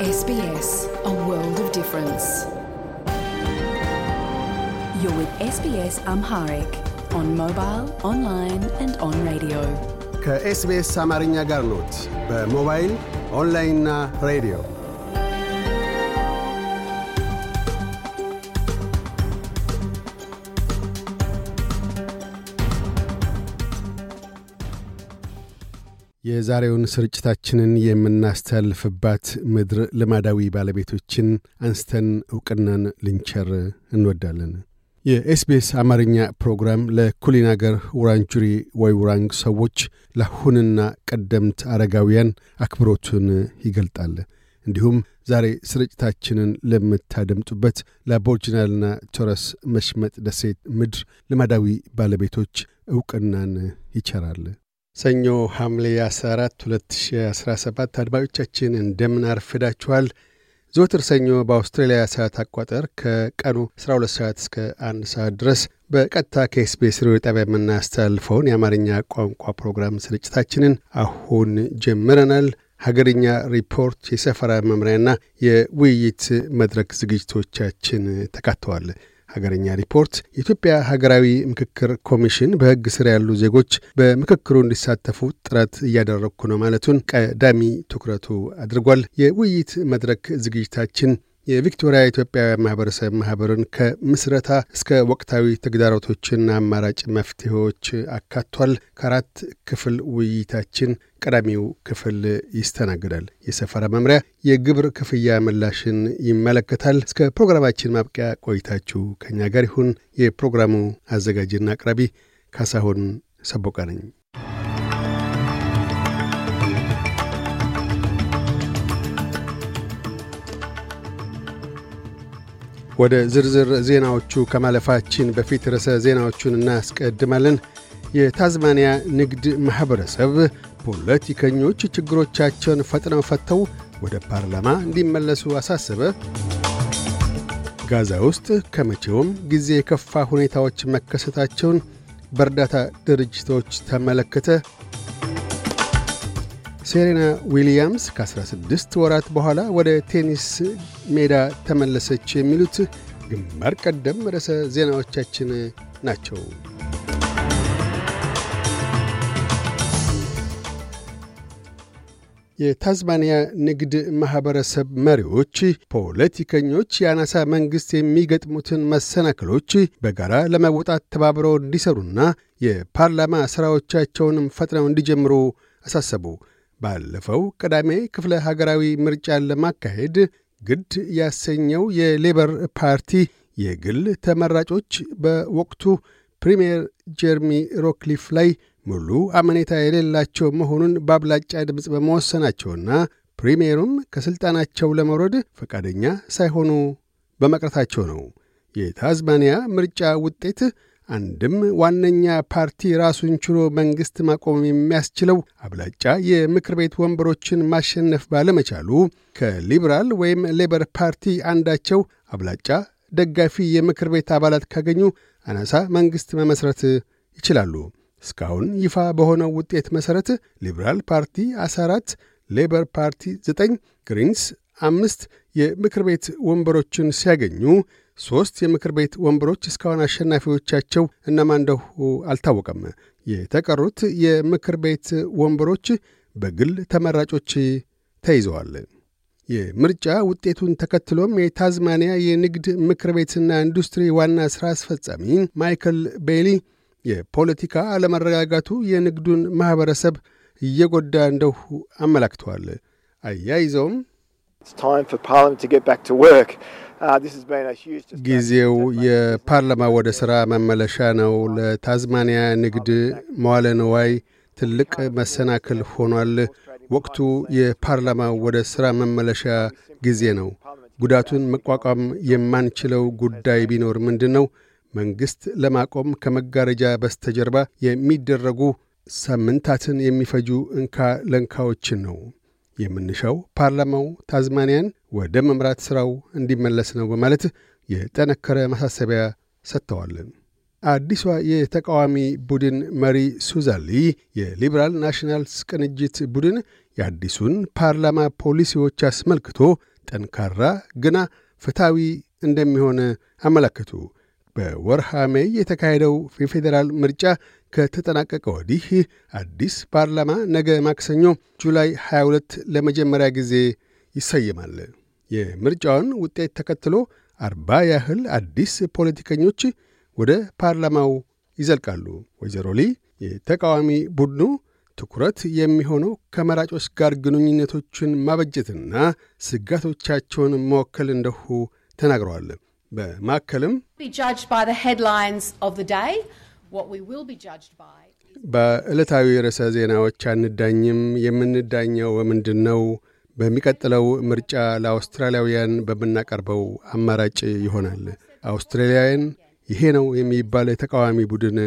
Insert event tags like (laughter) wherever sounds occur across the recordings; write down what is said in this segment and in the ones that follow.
SBS, a world of difference. You're with SBS Amharic um on mobile, online and on radio. ከኤስቢኤስ አማርኛ ጋር mobile, online ኦንላይንና ሬዲዮ የዛሬውን ስርጭታችንን የምናስተላልፍባት ምድር ልማዳዊ ባለቤቶችን አንስተን እውቅናን ልንቸር እንወዳለን። የኤስቢኤስ አማርኛ ፕሮግራም ለኩሊን አገር ውራንጁሪ ወይ ውራንግ ሰዎች ለአሁንና ቀደምት አረጋውያን አክብሮቱን ይገልጣል። እንዲሁም ዛሬ ስርጭታችንን ለምታደምጡበት ለአቦርጅናልና ቶረስ መሽመጥ ደሴት ምድር ልማዳዊ ባለቤቶች እውቅናን ይቸራል። ሰኞ ሐምሌ 14 2017 አድማጮቻችን እንደምን አርፍዳችኋል። ዘወትር ሰኞ በአውስትራሊያ ሰዓት አቋጠር ከቀኑ 12 ሰዓት እስከ አንድ ሰዓት ድረስ በቀጥታ ከኤስቢኤስ ሬዲዮ ጣቢያ የምናስተላልፈውን የአማርኛ ቋንቋ ፕሮግራም ስርጭታችንን አሁን ጀምረናል። ሀገርኛ ሪፖርት፣ የሰፈራ መምሪያና የውይይት መድረክ ዝግጅቶቻችን ተካተዋል። ሀገርኛ ሪፖርት የኢትዮጵያ ሀገራዊ ምክክር ኮሚሽን በህግ ስር ያሉ ዜጎች በምክክሩ እንዲሳተፉ ጥረት እያደረግኩ ነው ማለቱን ቀዳሚ ትኩረቱ አድርጓል። የውይይት መድረክ ዝግጅታችን የቪክቶሪያ ኢትዮጵያውያን ማህበረሰብ ማህበርን ከምስረታ እስከ ወቅታዊ ተግዳሮቶችና አማራጭ መፍትሄዎች አካቷል። ከአራት ክፍል ውይይታችን ቀዳሚው ክፍል ይስተናግዳል። የሰፈራ መምሪያ የግብር ክፍያ ምላሽን ይመለከታል። እስከ ፕሮግራማችን ማብቂያ ቆይታችሁ ከእኛ ጋር ይሁን። የፕሮግራሙ አዘጋጅና አቅራቢ ካሳሁን ሰቦቃ ነኝ። ወደ ዝርዝር ዜናዎቹ ከማለፋችን በፊት ርዕሰ ዜናዎቹን እናስቀድማለን። የታዝማኒያ ንግድ ማኅበረሰብ ፖለቲከኞች ችግሮቻቸውን ፈጥነው ፈተው ወደ ፓርላማ እንዲመለሱ አሳሰበ። ጋዛ ውስጥ ከመቼውም ጊዜ የከፋ ሁኔታዎች መከሰታቸውን በእርዳታ ድርጅቶች ተመለከተ። ሴሬና ዊሊያምስ ከ16 ወራት በኋላ ወደ ቴኒስ ሜዳ ተመለሰች የሚሉት ግንባር ቀደም ርዕሰ ዜናዎቻችን ናቸው። የታዝማኒያ ንግድ ማኅበረሰብ መሪዎች ፖለቲከኞች የአናሳ መንግሥት የሚገጥሙትን መሰናክሎች በጋራ ለመወጣት ተባብረው እንዲሰሩና የፓርላማ ሥራዎቻቸውንም ፈጥነው እንዲጀምሩ አሳሰቡ። ባለፈው ቅዳሜ ክፍለ ሀገራዊ ምርጫን ለማካሄድ ግድ ያሰኘው የሌበር ፓርቲ የግል ተመራጮች በወቅቱ ፕሪምየር ጀርሚ ሮክሊፍ ላይ ሙሉ አመኔታ የሌላቸው መሆኑን በአብላጫ ድምፅ በመወሰናቸውና ፕሪምየሩም ከሥልጣናቸው ለመውረድ ፈቃደኛ ሳይሆኑ በመቅረታቸው ነው። የታዝማኒያ ምርጫ ውጤት አንድም ዋነኛ ፓርቲ ራሱን ችሎ መንግሥት ማቆም የሚያስችለው አብላጫ የምክር ቤት ወንበሮችን ማሸነፍ ባለመቻሉ ከሊበራል ወይም ሌበር ፓርቲ አንዳቸው አብላጫ ደጋፊ የምክር ቤት አባላት ካገኙ አናሳ መንግሥት መመስረት ይችላሉ። እስካሁን ይፋ በሆነው ውጤት መሠረት ሊብራል ፓርቲ 14፣ ሌበር ፓርቲ 9፣ ግሪንስ አምስት የምክር ቤት ወንበሮችን ሲያገኙ ሦስት የምክር ቤት ወንበሮች እስካሁን አሸናፊዎቻቸው እነማን እንደሁ አልታወቀም። የተቀሩት የምክር ቤት ወንበሮች በግል ተመራጮች ተይዘዋል። የምርጫ ውጤቱን ተከትሎም የታዝማኒያ የንግድ ምክር ቤትና ኢንዱስትሪ ዋና ሥራ አስፈጻሚ ማይክል ቤይሊ የፖለቲካ አለመረጋጋቱ የንግዱን ማኅበረሰብ እየጎዳ እንደሁ አመላክተዋል። አያይዘውም Uh, ጊዜው የፓርላማ ወደ ሥራ መመለሻ ነው። ለታዝማኒያ ንግድ መዋለ ንዋይ ትልቅ መሰናክል ሆኗል። ወቅቱ የፓርላማ ወደ ሥራ መመለሻ ጊዜ ነው። ጉዳቱን መቋቋም የማንችለው ጉዳይ ቢኖር ምንድን ነው? መንግሥት ለማቆም ከመጋረጃ በስተጀርባ የሚደረጉ ሳምንታትን የሚፈጁ እንካ ለንካዎችን ነው። የምንሻው ፓርላማው ታዝማኒያን ወደ መምራት ሥራው እንዲመለስ ነው በማለት የጠነከረ ማሳሰቢያ ሰጥተዋል። አዲሷ የተቃዋሚ ቡድን መሪ ሱዛሊ የሊበራል ናሽናልስ ቅንጅት ቡድን የአዲሱን ፓርላማ ፖሊሲዎች አስመልክቶ ጠንካራ ግና ፍትሐዊ እንደሚሆን አመላከቱ። በወርሃ ሜይ የተካሄደው የፌዴራል ምርጫ ከተጠናቀቀ ወዲህ አዲስ ፓርላማ ነገ ማክሰኞ ጁላይ 22 ለመጀመሪያ ጊዜ ይሰየማል። የምርጫውን ውጤት ተከትሎ አርባ ያህል አዲስ ፖለቲከኞች ወደ ፓርላማው ይዘልቃሉ። ወይዘሮ ሊ የተቃዋሚ ቡድኑ ትኩረት የሚሆነው ከመራጮች ጋር ግንኙነቶችን ማበጀትና ስጋቶቻቸውን መወከል እንደሁ ተናግረዋል። በማከልም በዕለታዊ ርዕሰ ዜናዎች አንዳኝም። የምንዳኘው በምንድን ነው? በሚቀጥለው ምርጫ ለአውስትራሊያውያን በምናቀርበው አማራጭ ይሆናል። አውስትራሊያውያን ይሄ ነው የሚባል የተቃዋሚ ቡድን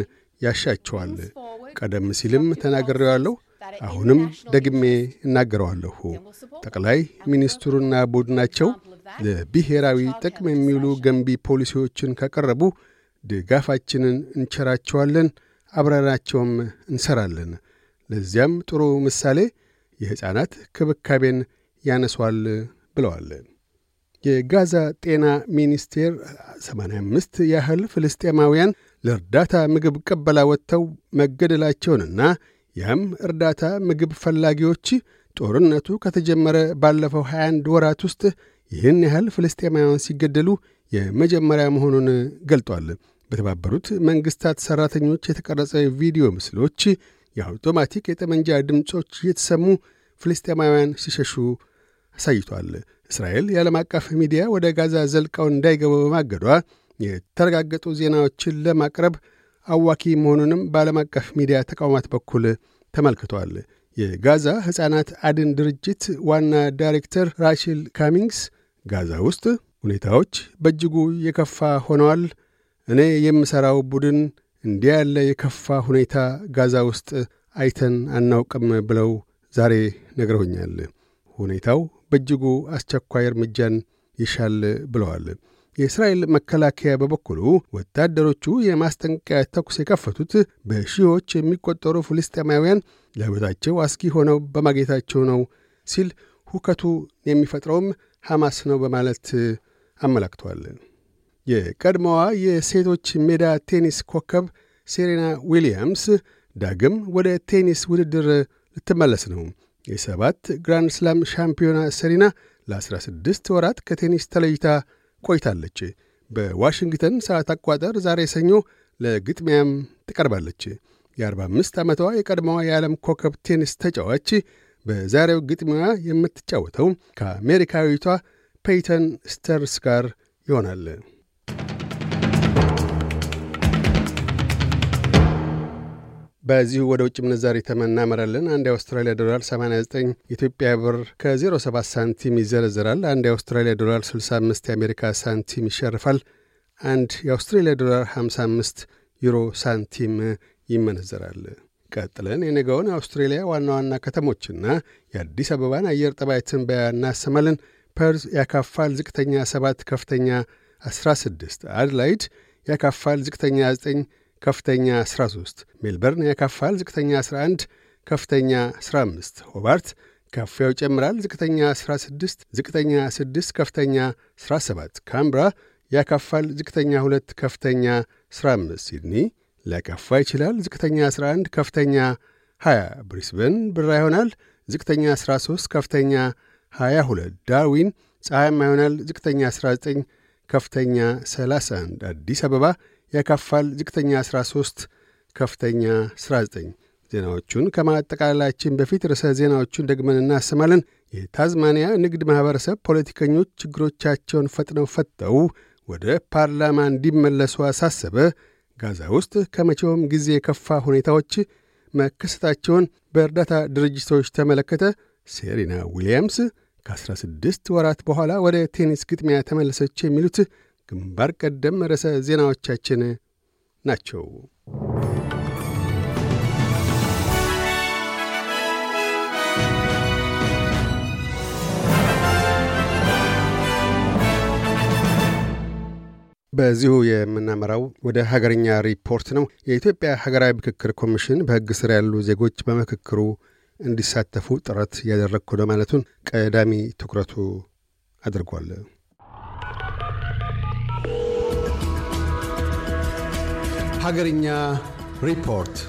ያሻቸዋል። ቀደም ሲልም ተናግሬዋለሁ። አሁንም ደግሜ እናገረዋለሁ። ጠቅላይ ሚኒስትሩና ቡድናቸው ለብሔራዊ ጥቅም የሚውሉ ገንቢ ፖሊሲዎችን ካቀረቡ ድጋፋችንን እንቸራቸዋለን፣ አብረናቸውም እንሰራለን። ለዚያም ጥሩ ምሳሌ የሕፃናት ክብካቤን ያነሷል ብለዋል። የጋዛ ጤና ሚኒስቴር 85 ያህል ፍልስጤማውያን ለእርዳታ ምግብ ቀበላ ወጥተው መገደላቸውንና ያም እርዳታ ምግብ ፈላጊዎች ጦርነቱ ከተጀመረ ባለፈው 21 ወራት ውስጥ ይህን ያህል ፍልስጤማውያን ሲገደሉ የመጀመሪያ መሆኑን ገልጧል። በተባበሩት መንግሥታት ሠራተኞች የተቀረጸ ቪዲዮ ምስሎች የአውቶማቲክ የጠመንጃ ድምፆች እየተሰሙ ፍልስጤማውያን ሲሸሹ አሳይቷል። እስራኤል የዓለም አቀፍ ሚዲያ ወደ ጋዛ ዘልቀው እንዳይገቡ በማገዷ የተረጋገጡ ዜናዎችን ለማቅረብ አዋኪ መሆኑንም በዓለም አቀፍ ሚዲያ ተቋማት በኩል ተመልክቷል። የጋዛ ሕፃናት አድን ድርጅት ዋና ዳይሬክተር ራሽል ካሚንግስ ጋዛ ውስጥ ሁኔታዎች በእጅጉ የከፋ ሆነዋል እኔ የምሠራው ቡድን እንዲህ ያለ የከፋ ሁኔታ ጋዛ ውስጥ አይተን አናውቅም ብለው ዛሬ ነግረውኛል። ሁኔታው በእጅጉ አስቸኳይ እርምጃን ይሻል ብለዋል። የእስራኤል መከላከያ በበኩሉ ወታደሮቹ የማስጠንቀቂያ ተኩስ የከፈቱት በሺዎች የሚቆጠሩ ፍልስጤማውያን ለሕይወታቸው አስጊ ሆነው በማግኘታቸው ነው ሲል ሁከቱ የሚፈጥረውም ሐማስ ነው በማለት አመላክተዋል። የቀድሞዋ የሴቶች ሜዳ ቴኒስ ኮከብ ሴሬና ዊሊያምስ ዳግም ወደ ቴኒስ ውድድር ልትመለስ ነው። የሰባት ግራንድ ስላም ሻምፒዮና ሴሪና ለ16 ወራት ከቴኒስ ተለይታ ቆይታለች። በዋሽንግተን ሰዓት አቋጠር ዛሬ ሰኞ ለግጥሚያም ትቀርባለች። የ45 ዓመቷ የቀድሞዋ የዓለም ኮከብ ቴኒስ ተጫዋች በዛሬው ግጥሚያ የምትጫወተው ከአሜሪካዊቷ ፔይተን ስተርስ ጋር ይሆናል። በዚሁ ወደ ውጭ ምንዛሪ ተመን አንድ የአውስትራሊያ ዶላር 89 ኢትዮጵያ ብር ከ07 ሳንቲም ይዘረዝራል። አንድ የአውስትራሊያ ዶላር 65 የአሜሪካ ሳንቲም ይሸርፋል። አንድ የአውስትራሊያ ዶላር 55 ዩሮ ሳንቲም ይመነዘራል። ቀጥለን የነገውን የአውስትሬሊያ ዋና ዋና ከተሞችና የአዲስ አበባን አየር ጠባይ ትንበያ እናሰማለን። ፐርዝ ያካፋል፣ ዝቅተኛ 7 ከፍተኛ 16። አድላይድ ያካፋል፣ ዝቅተኛ 9 ከፍተኛ 13፣ ሜልበርን ያካፋል፣ ዝቅተኛ 11፣ ከፍተኛ 15፣ ሆባርት ካፊያው ይጨምራል፣ ዝቅተኛ 16፣ ዝቅተኛ 6፣ ከፍተኛ 17፣ ካምብራ ያካፋል፣ ዝቅተኛ 2፣ ከፍተኛ 15፣ ሲድኒ ሊያካፋ ይችላል፣ ዝቅተኛ 11፣ ከፍተኛ 20፣ ብሪስበን ብራ ይሆናል፣ ዝቅተኛ 13፣ ከፍተኛ 22፣ ዳርዊን ፀሐያማ ይሆናል፣ ዝቅተኛ 19፣ ከፍተኛ 31፣ አዲስ አበባ ያካፋል። ዝቅተኛ 13፣ ከፍተኛ 19። ዜናዎቹን ከማጠቃለላችን በፊት ርዕሰ ዜናዎቹን ደግመን እናሰማለን። የታዝማኒያ ንግድ ማኅበረሰብ ፖለቲከኞች ችግሮቻቸውን ፈጥነው ፈተው ወደ ፓርላማ እንዲመለሱ አሳሰበ። ጋዛ ውስጥ ከመቼውም ጊዜ የከፋ ሁኔታዎች መከሰታቸውን በእርዳታ ድርጅቶች ተመለከተ። ሴሪና ዊልያምስ ከ16 ወራት በኋላ ወደ ቴኒስ ግጥሚያ ተመለሰች። የሚሉት ግንባር ቀደም ርዕሰ ዜናዎቻችን ናቸው። በዚሁ የምናመራው ወደ ሀገርኛ ሪፖርት ነው። የኢትዮጵያ ሀገራዊ ምክክር ኮሚሽን በሕግ ስር ያሉ ዜጎች በምክክሩ እንዲሳተፉ ጥረት እያደረግኩ ነው ማለቱን ቀዳሚ ትኩረቱ አድርጓል። Hagarinya Report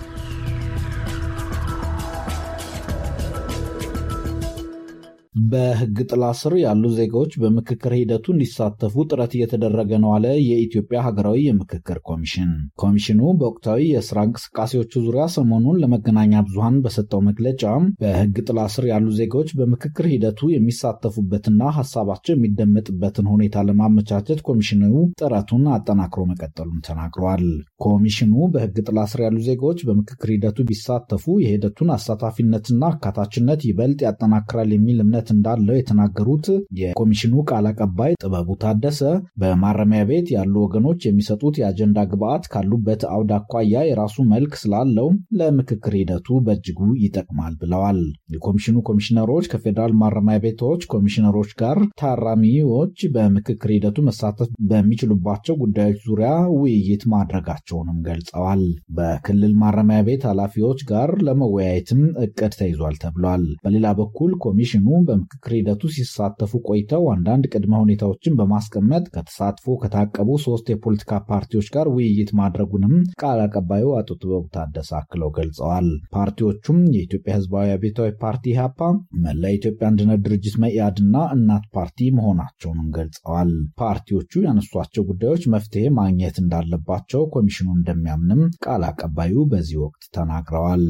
በህግ ጥላ ስር ያሉ ዜጋዎች በምክክር ሂደቱ እንዲሳተፉ ጥረት እየተደረገ ነው አለ የኢትዮጵያ ሀገራዊ የምክክር ኮሚሽን። ኮሚሽኑ በወቅታዊ የስራ እንቅስቃሴዎቹ ዙሪያ ሰሞኑን ለመገናኛ ብዙሃን በሰጠው መግለጫ በህግ ጥላ ስር ያሉ ዜጋዎች በምክክር ሂደቱ የሚሳተፉበትና ሀሳባቸው የሚደመጥበትን ሁኔታ ለማመቻቸት ኮሚሽኑ ጥረቱን አጠናክሮ መቀጠሉን ተናግረዋል። ኮሚሽኑ በህግ ጥላ ስር ያሉ ዜጋዎች በምክክር ሂደቱ ቢሳተፉ የሂደቱን አሳታፊነትና አካታችነት ይበልጥ ያጠናክራል የሚል እምነት ሂደት እንዳለው የተናገሩት የኮሚሽኑ ቃል አቀባይ ጥበቡ ታደሰ በማረሚያ ቤት ያሉ ወገኖች የሚሰጡት የአጀንዳ ግብዓት ካሉበት አውድ አኳያ የራሱ መልክ ስላለው ለምክክር ሂደቱ በእጅጉ ይጠቅማል ብለዋል። የኮሚሽኑ ኮሚሽነሮች ከፌዴራል ማረሚያ ቤቶች ኮሚሽነሮች ጋር ታራሚዎች በምክክር ሂደቱ መሳተፍ በሚችሉባቸው ጉዳዮች ዙሪያ ውይይት ማድረጋቸውንም ገልጸዋል። በክልል ማረሚያ ቤት ኃላፊዎች ጋር ለመወያየትም እቅድ ተይዟል ተብሏል። በሌላ በኩል ኮሚሽኑ በምክክር ሂደቱ ሲሳተፉ ቆይተው አንዳንድ ቅድመ ሁኔታዎችን በማስቀመጥ ከተሳትፎ ከታቀቡ ሶስት የፖለቲካ ፓርቲዎች ጋር ውይይት ማድረጉንም ቃል አቀባዩ አቶ ጥበቡ ታደሰ አክለው ገልጸዋል። ፓርቲዎቹም የኢትዮጵያ ህዝባዊ አብዮታዊ ፓርቲ ኢህአፓ፣ መላ የኢትዮጵያ አንድነት ድርጅት መኢአድና እናት ፓርቲ መሆናቸውንም ገልጸዋል። ፓርቲዎቹ ያነሷቸው ጉዳዮች መፍትሄ ማግኘት እንዳለባቸው ኮሚሽኑ እንደሚያምንም ቃል አቀባዩ በዚህ ወቅት ተናግረዋል።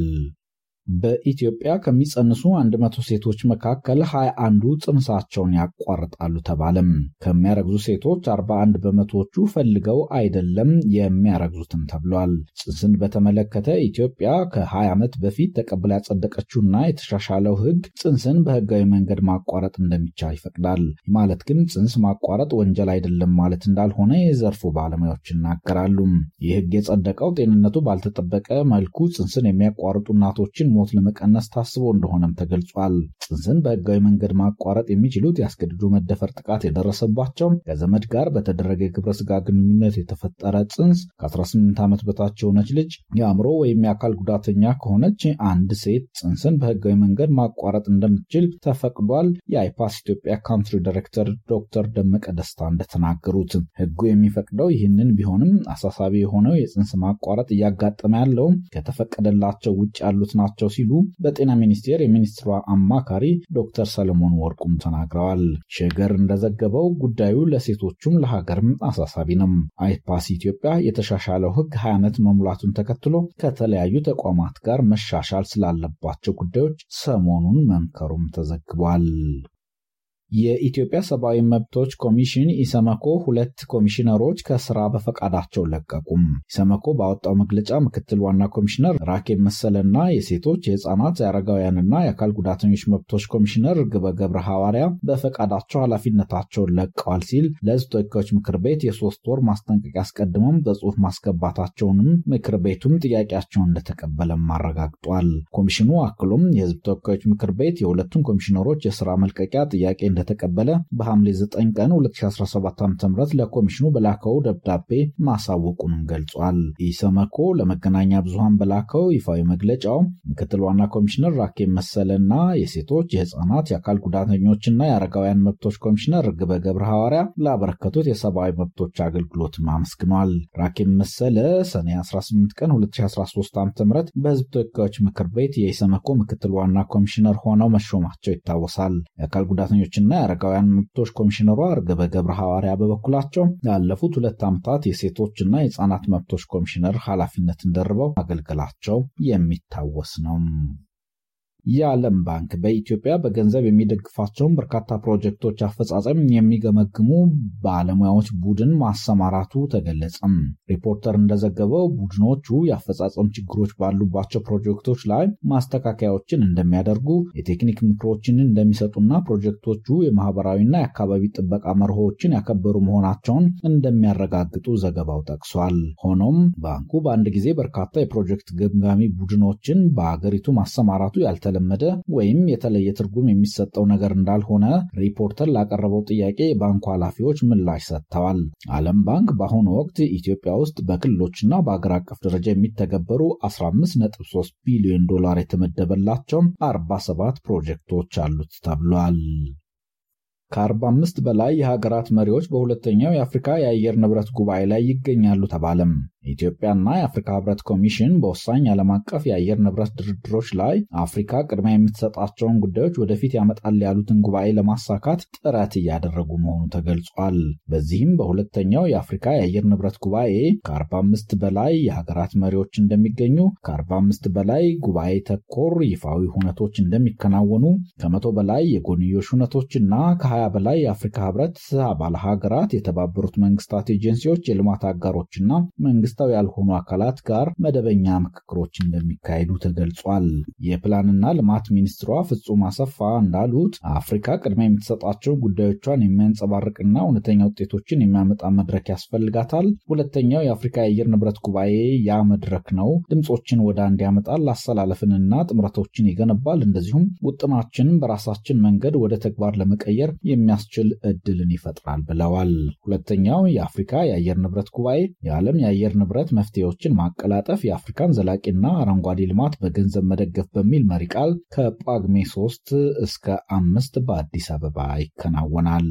በኢትዮጵያ ከሚጸንሱ 100 ሴቶች መካከል 21ዱ ጽንሳቸውን ያቋርጣሉ ተባለም። ከሚያረግዙ ሴቶች 41 በመቶዎቹ ፈልገው አይደለም የሚያረግዙትም ተብሏል። ጽንስን በተመለከተ ኢትዮጵያ ከ20 ዓመት በፊት ተቀብላ ያጸደቀችውና የተሻሻለው ሕግ ጽንስን በህጋዊ መንገድ ማቋረጥ እንደሚቻል ይፈቅዳል። ማለት ግን ጽንስ ማቋረጥ ወንጀል አይደለም ማለት እንዳልሆነ የዘርፉ ባለሙያዎች ይናገራሉ። ይህ ሕግ የጸደቀው ጤንነቱ ባልተጠበቀ መልኩ ጽንስን የሚያቋርጡ እናቶችን ሞት ለመቀነስ ታስቦ እንደሆነም ተገልጿል። ጽንስን በህጋዊ መንገድ ማቋረጥ የሚችሉት ያስገድዶ መደፈር ጥቃት የደረሰባቸው ከዘመድ ጋር በተደረገ የግብረ ስጋ ግንኙነት የተፈጠረ ጽንስ ከ18 ዓመት በታች የሆነች ልጅ የአእምሮ ወይም የአካል ጉዳተኛ ከሆነች አንድ ሴት ጽንስን በህጋዊ መንገድ ማቋረጥ እንደምትችል ተፈቅዷል። የአይፓስ ኢትዮጵያ ካንትሪ ዳይሬክተር ዶክተር ደመቀ ደስታ እንደተናገሩት ህጉ የሚፈቅደው ይህንን ቢሆንም አሳሳቢ የሆነው የጽንስ ማቋረጥ እያጋጠመ ያለውም ከተፈቀደላቸው ውጭ ያሉት ናቸው ናቸው ሲሉ በጤና ሚኒስቴር የሚኒስትሯ አማካሪ ዶክተር ሰለሞን ወርቁም ተናግረዋል። ሸገር እንደዘገበው ጉዳዩ ለሴቶቹም ለሀገርም አሳሳቢ ነው። አይፓስ ኢትዮጵያ የተሻሻለው ህግ 20 ዓመት መሙላቱን ተከትሎ ከተለያዩ ተቋማት ጋር መሻሻል ስላለባቸው ጉዳዮች ሰሞኑን መምከሩም ተዘግቧል። የኢትዮጵያ ሰብአዊ መብቶች ኮሚሽን ኢሰመኮ ሁለት ኮሚሽነሮች ከስራ በፈቃዳቸው ለቀቁም። ኢሰመኮ ባወጣው መግለጫ ምክትል ዋና ኮሚሽነር ራኬብ መሰለና የሴቶች የህፃናት፣ የአረጋውያንና የአካል ጉዳተኞች መብቶች ኮሚሽነር ርግበ ገብረ ሐዋርያ በፈቃዳቸው ኃላፊነታቸውን ለቀዋል ሲል ለህዝብ ተወካዮች ምክር ቤት የሶስት ወር ማስጠንቀቂያ አስቀድመም በጽሁፍ ማስገባታቸውንም ምክር ቤቱም ጥያቄያቸውን እንደተቀበለም አረጋግጧል። ኮሚሽኑ አክሎም የህዝብ ተወካዮች ምክር ቤት የሁለቱም ኮሚሽነሮች የስራ መልቀቂያ ጥያቄ እንደተቀበለ በሐምሌ 9 ቀን 2017 ዓ ም ለኮሚሽኑ በላከው ደብዳቤ ማሳወቁንም ገልጿል። ኢሰመኮ ለመገናኛ ብዙሃን በላከው ይፋዊ መግለጫው ምክትል ዋና ኮሚሽነር ራኬብ መሰለና የሴቶች፣ የህፃናት፣ የአካል ጉዳተኞችና የአረጋውያን መብቶች ኮሚሽነር ርግበ ገብረ ሐዋርያ ላበረከቱት የሰብአዊ መብቶች አገልግሎት አመስግኗል። ራኬብ መሰለ ሰኔ 18 ቀን 2013 ዓ ም በህዝብ ተወካዮች ምክር ቤት የኢሰመኮ ምክትል ዋና ኮሚሽነር ሆነው መሾማቸው ይታወሳል። የአካል ጉዳተኞችና እና የአረጋውያን መብቶች ኮሚሽነሯ እርግበ ገብረ ሐዋርያ በበኩላቸው ያለፉት ሁለት ዓመታት የሴቶችና የህፃናት መብቶች ኮሚሽነር ኃላፊነትን ደርበው ማገልገላቸው የሚታወስ ነው። የዓለም ባንክ በኢትዮጵያ በገንዘብ የሚደግፋቸውን በርካታ ፕሮጀክቶች አፈጻጸም የሚገመግሙ ባለሙያዎች ቡድን ማሰማራቱ ተገለጸም። ሪፖርተር እንደዘገበው ቡድኖቹ የአፈጻጸም ችግሮች ባሉባቸው ፕሮጀክቶች ላይ ማስተካከያዎችን እንደሚያደርጉ፣ የቴክኒክ ምክሮችን እንደሚሰጡና ፕሮጀክቶቹ የማህበራዊና የአካባቢ ጥበቃ መርሆችን ያከበሩ መሆናቸውን እንደሚያረጋግጡ ዘገባው ጠቅሷል። ሆኖም ባንኩ በአንድ ጊዜ በርካታ የፕሮጀክት ገምጋሚ ቡድኖችን በአገሪቱ ማሰማራቱ ያልተለ የተለመደ ወይም የተለየ ትርጉም የሚሰጠው ነገር እንዳልሆነ ሪፖርተር ላቀረበው ጥያቄ የባንኩ ኃላፊዎች ምላሽ ሰጥተዋል። ዓለም ባንክ በአሁኑ ወቅት ኢትዮጵያ ውስጥ በክልሎችና በአገር አቀፍ ደረጃ የሚተገበሩ 153 ቢሊዮን ዶላር የተመደበላቸው 47 ፕሮጀክቶች አሉት ተብሏል። ከ45 በላይ የሀገራት መሪዎች በሁለተኛው የአፍሪካ የአየር ንብረት ጉባኤ ላይ ይገኛሉ ተባለም። የኢትዮጵያና የአፍሪካ ህብረት ኮሚሽን በወሳኝ ዓለም አቀፍ የአየር ንብረት ድርድሮች ላይ አፍሪካ ቅድሚያ የምትሰጣቸውን ጉዳዮች ወደፊት ያመጣል ያሉትን ጉባኤ ለማሳካት ጥረት እያደረጉ መሆኑ ተገልጿል። በዚህም በሁለተኛው የአፍሪካ የአየር ንብረት ጉባኤ ከ45 በላይ የሀገራት መሪዎች እንደሚገኙ፣ ከ45 በላይ ጉባኤ ተኮር ይፋዊ ሁነቶች እንደሚከናወኑ፣ ከመቶ በላይ የጎንዮሽ ሁነቶችና ከ20 በላይ የአፍሪካ ህብረት አባል ሀገራት፣ የተባበሩት መንግስታት ኤጀንሲዎች፣ የልማት አጋሮችና መንግስት መንግስታዊ ያልሆኑ አካላት ጋር መደበኛ ምክክሮች እንደሚካሄዱ ተገልጿል። የፕላንና ልማት ሚኒስትሯ ፍጹም አሰፋ እንዳሉት አፍሪካ ቅድሚያ የምትሰጣቸው ጉዳዮቿን የሚያንጸባርቅና እውነተኛ ውጤቶችን የሚያመጣ መድረክ ያስፈልጋታል። ሁለተኛው የአፍሪካ የአየር ንብረት ጉባኤ ያ መድረክ ነው። ድምፆችን ወደ አንድ ያመጣል፣ አሰላለፍንና ጥምረቶችን ይገነባል። እንደዚሁም ውጥናችንን በራሳችን መንገድ ወደ ተግባር ለመቀየር የሚያስችል እድልን ይፈጥራል ብለዋል። ሁለተኛው የአፍሪካ የአየር ንብረት ጉባኤ የዓለም የአየር ንብረት መፍትሄዎችን ማቀላጠፍ የአፍሪካን ዘላቂና አረንጓዴ ልማት በገንዘብ መደገፍ በሚል መሪ ቃል ከጳጉሜ 3 እስከ አምስት በአዲስ አበባ ይከናወናል።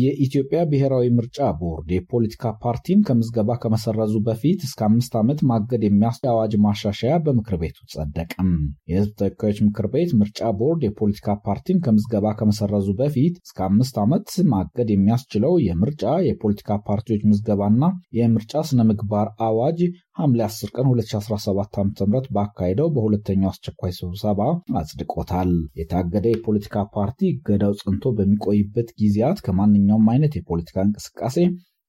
የኢትዮጵያ ብሔራዊ ምርጫ ቦርድ የፖለቲካ ፓርቲን ከምዝገባ ከመሰረዙ በፊት እስከ አምስት ዓመት ማገድ የሚያስ አዋጅ ማሻሻያ በምክር ቤቱ ጸደቅም። የህዝብ ተወካዮች ምክር ቤት ምርጫ ቦርድ የፖለቲካ ፓርቲን ከምዝገባ ከመሰረዙ በፊት እስከ አምስት ዓመት ማገድ የሚያስችለው የምርጫ የፖለቲካ ፓርቲዎች ምዝገባና የምርጫ ስነ ምግባር አዋጅ ሐምሌ 10 ቀን 2017 ዓ ም በአካሄደው በሁለተኛው አስቸኳይ ስብሰባ አጽድቆታል። የታገደ የፖለቲካ ፓርቲ እገዳው ጸንቶ በሚቆይበት ጊዜያት ከማንኛውም አይነት የፖለቲካ እንቅስቃሴ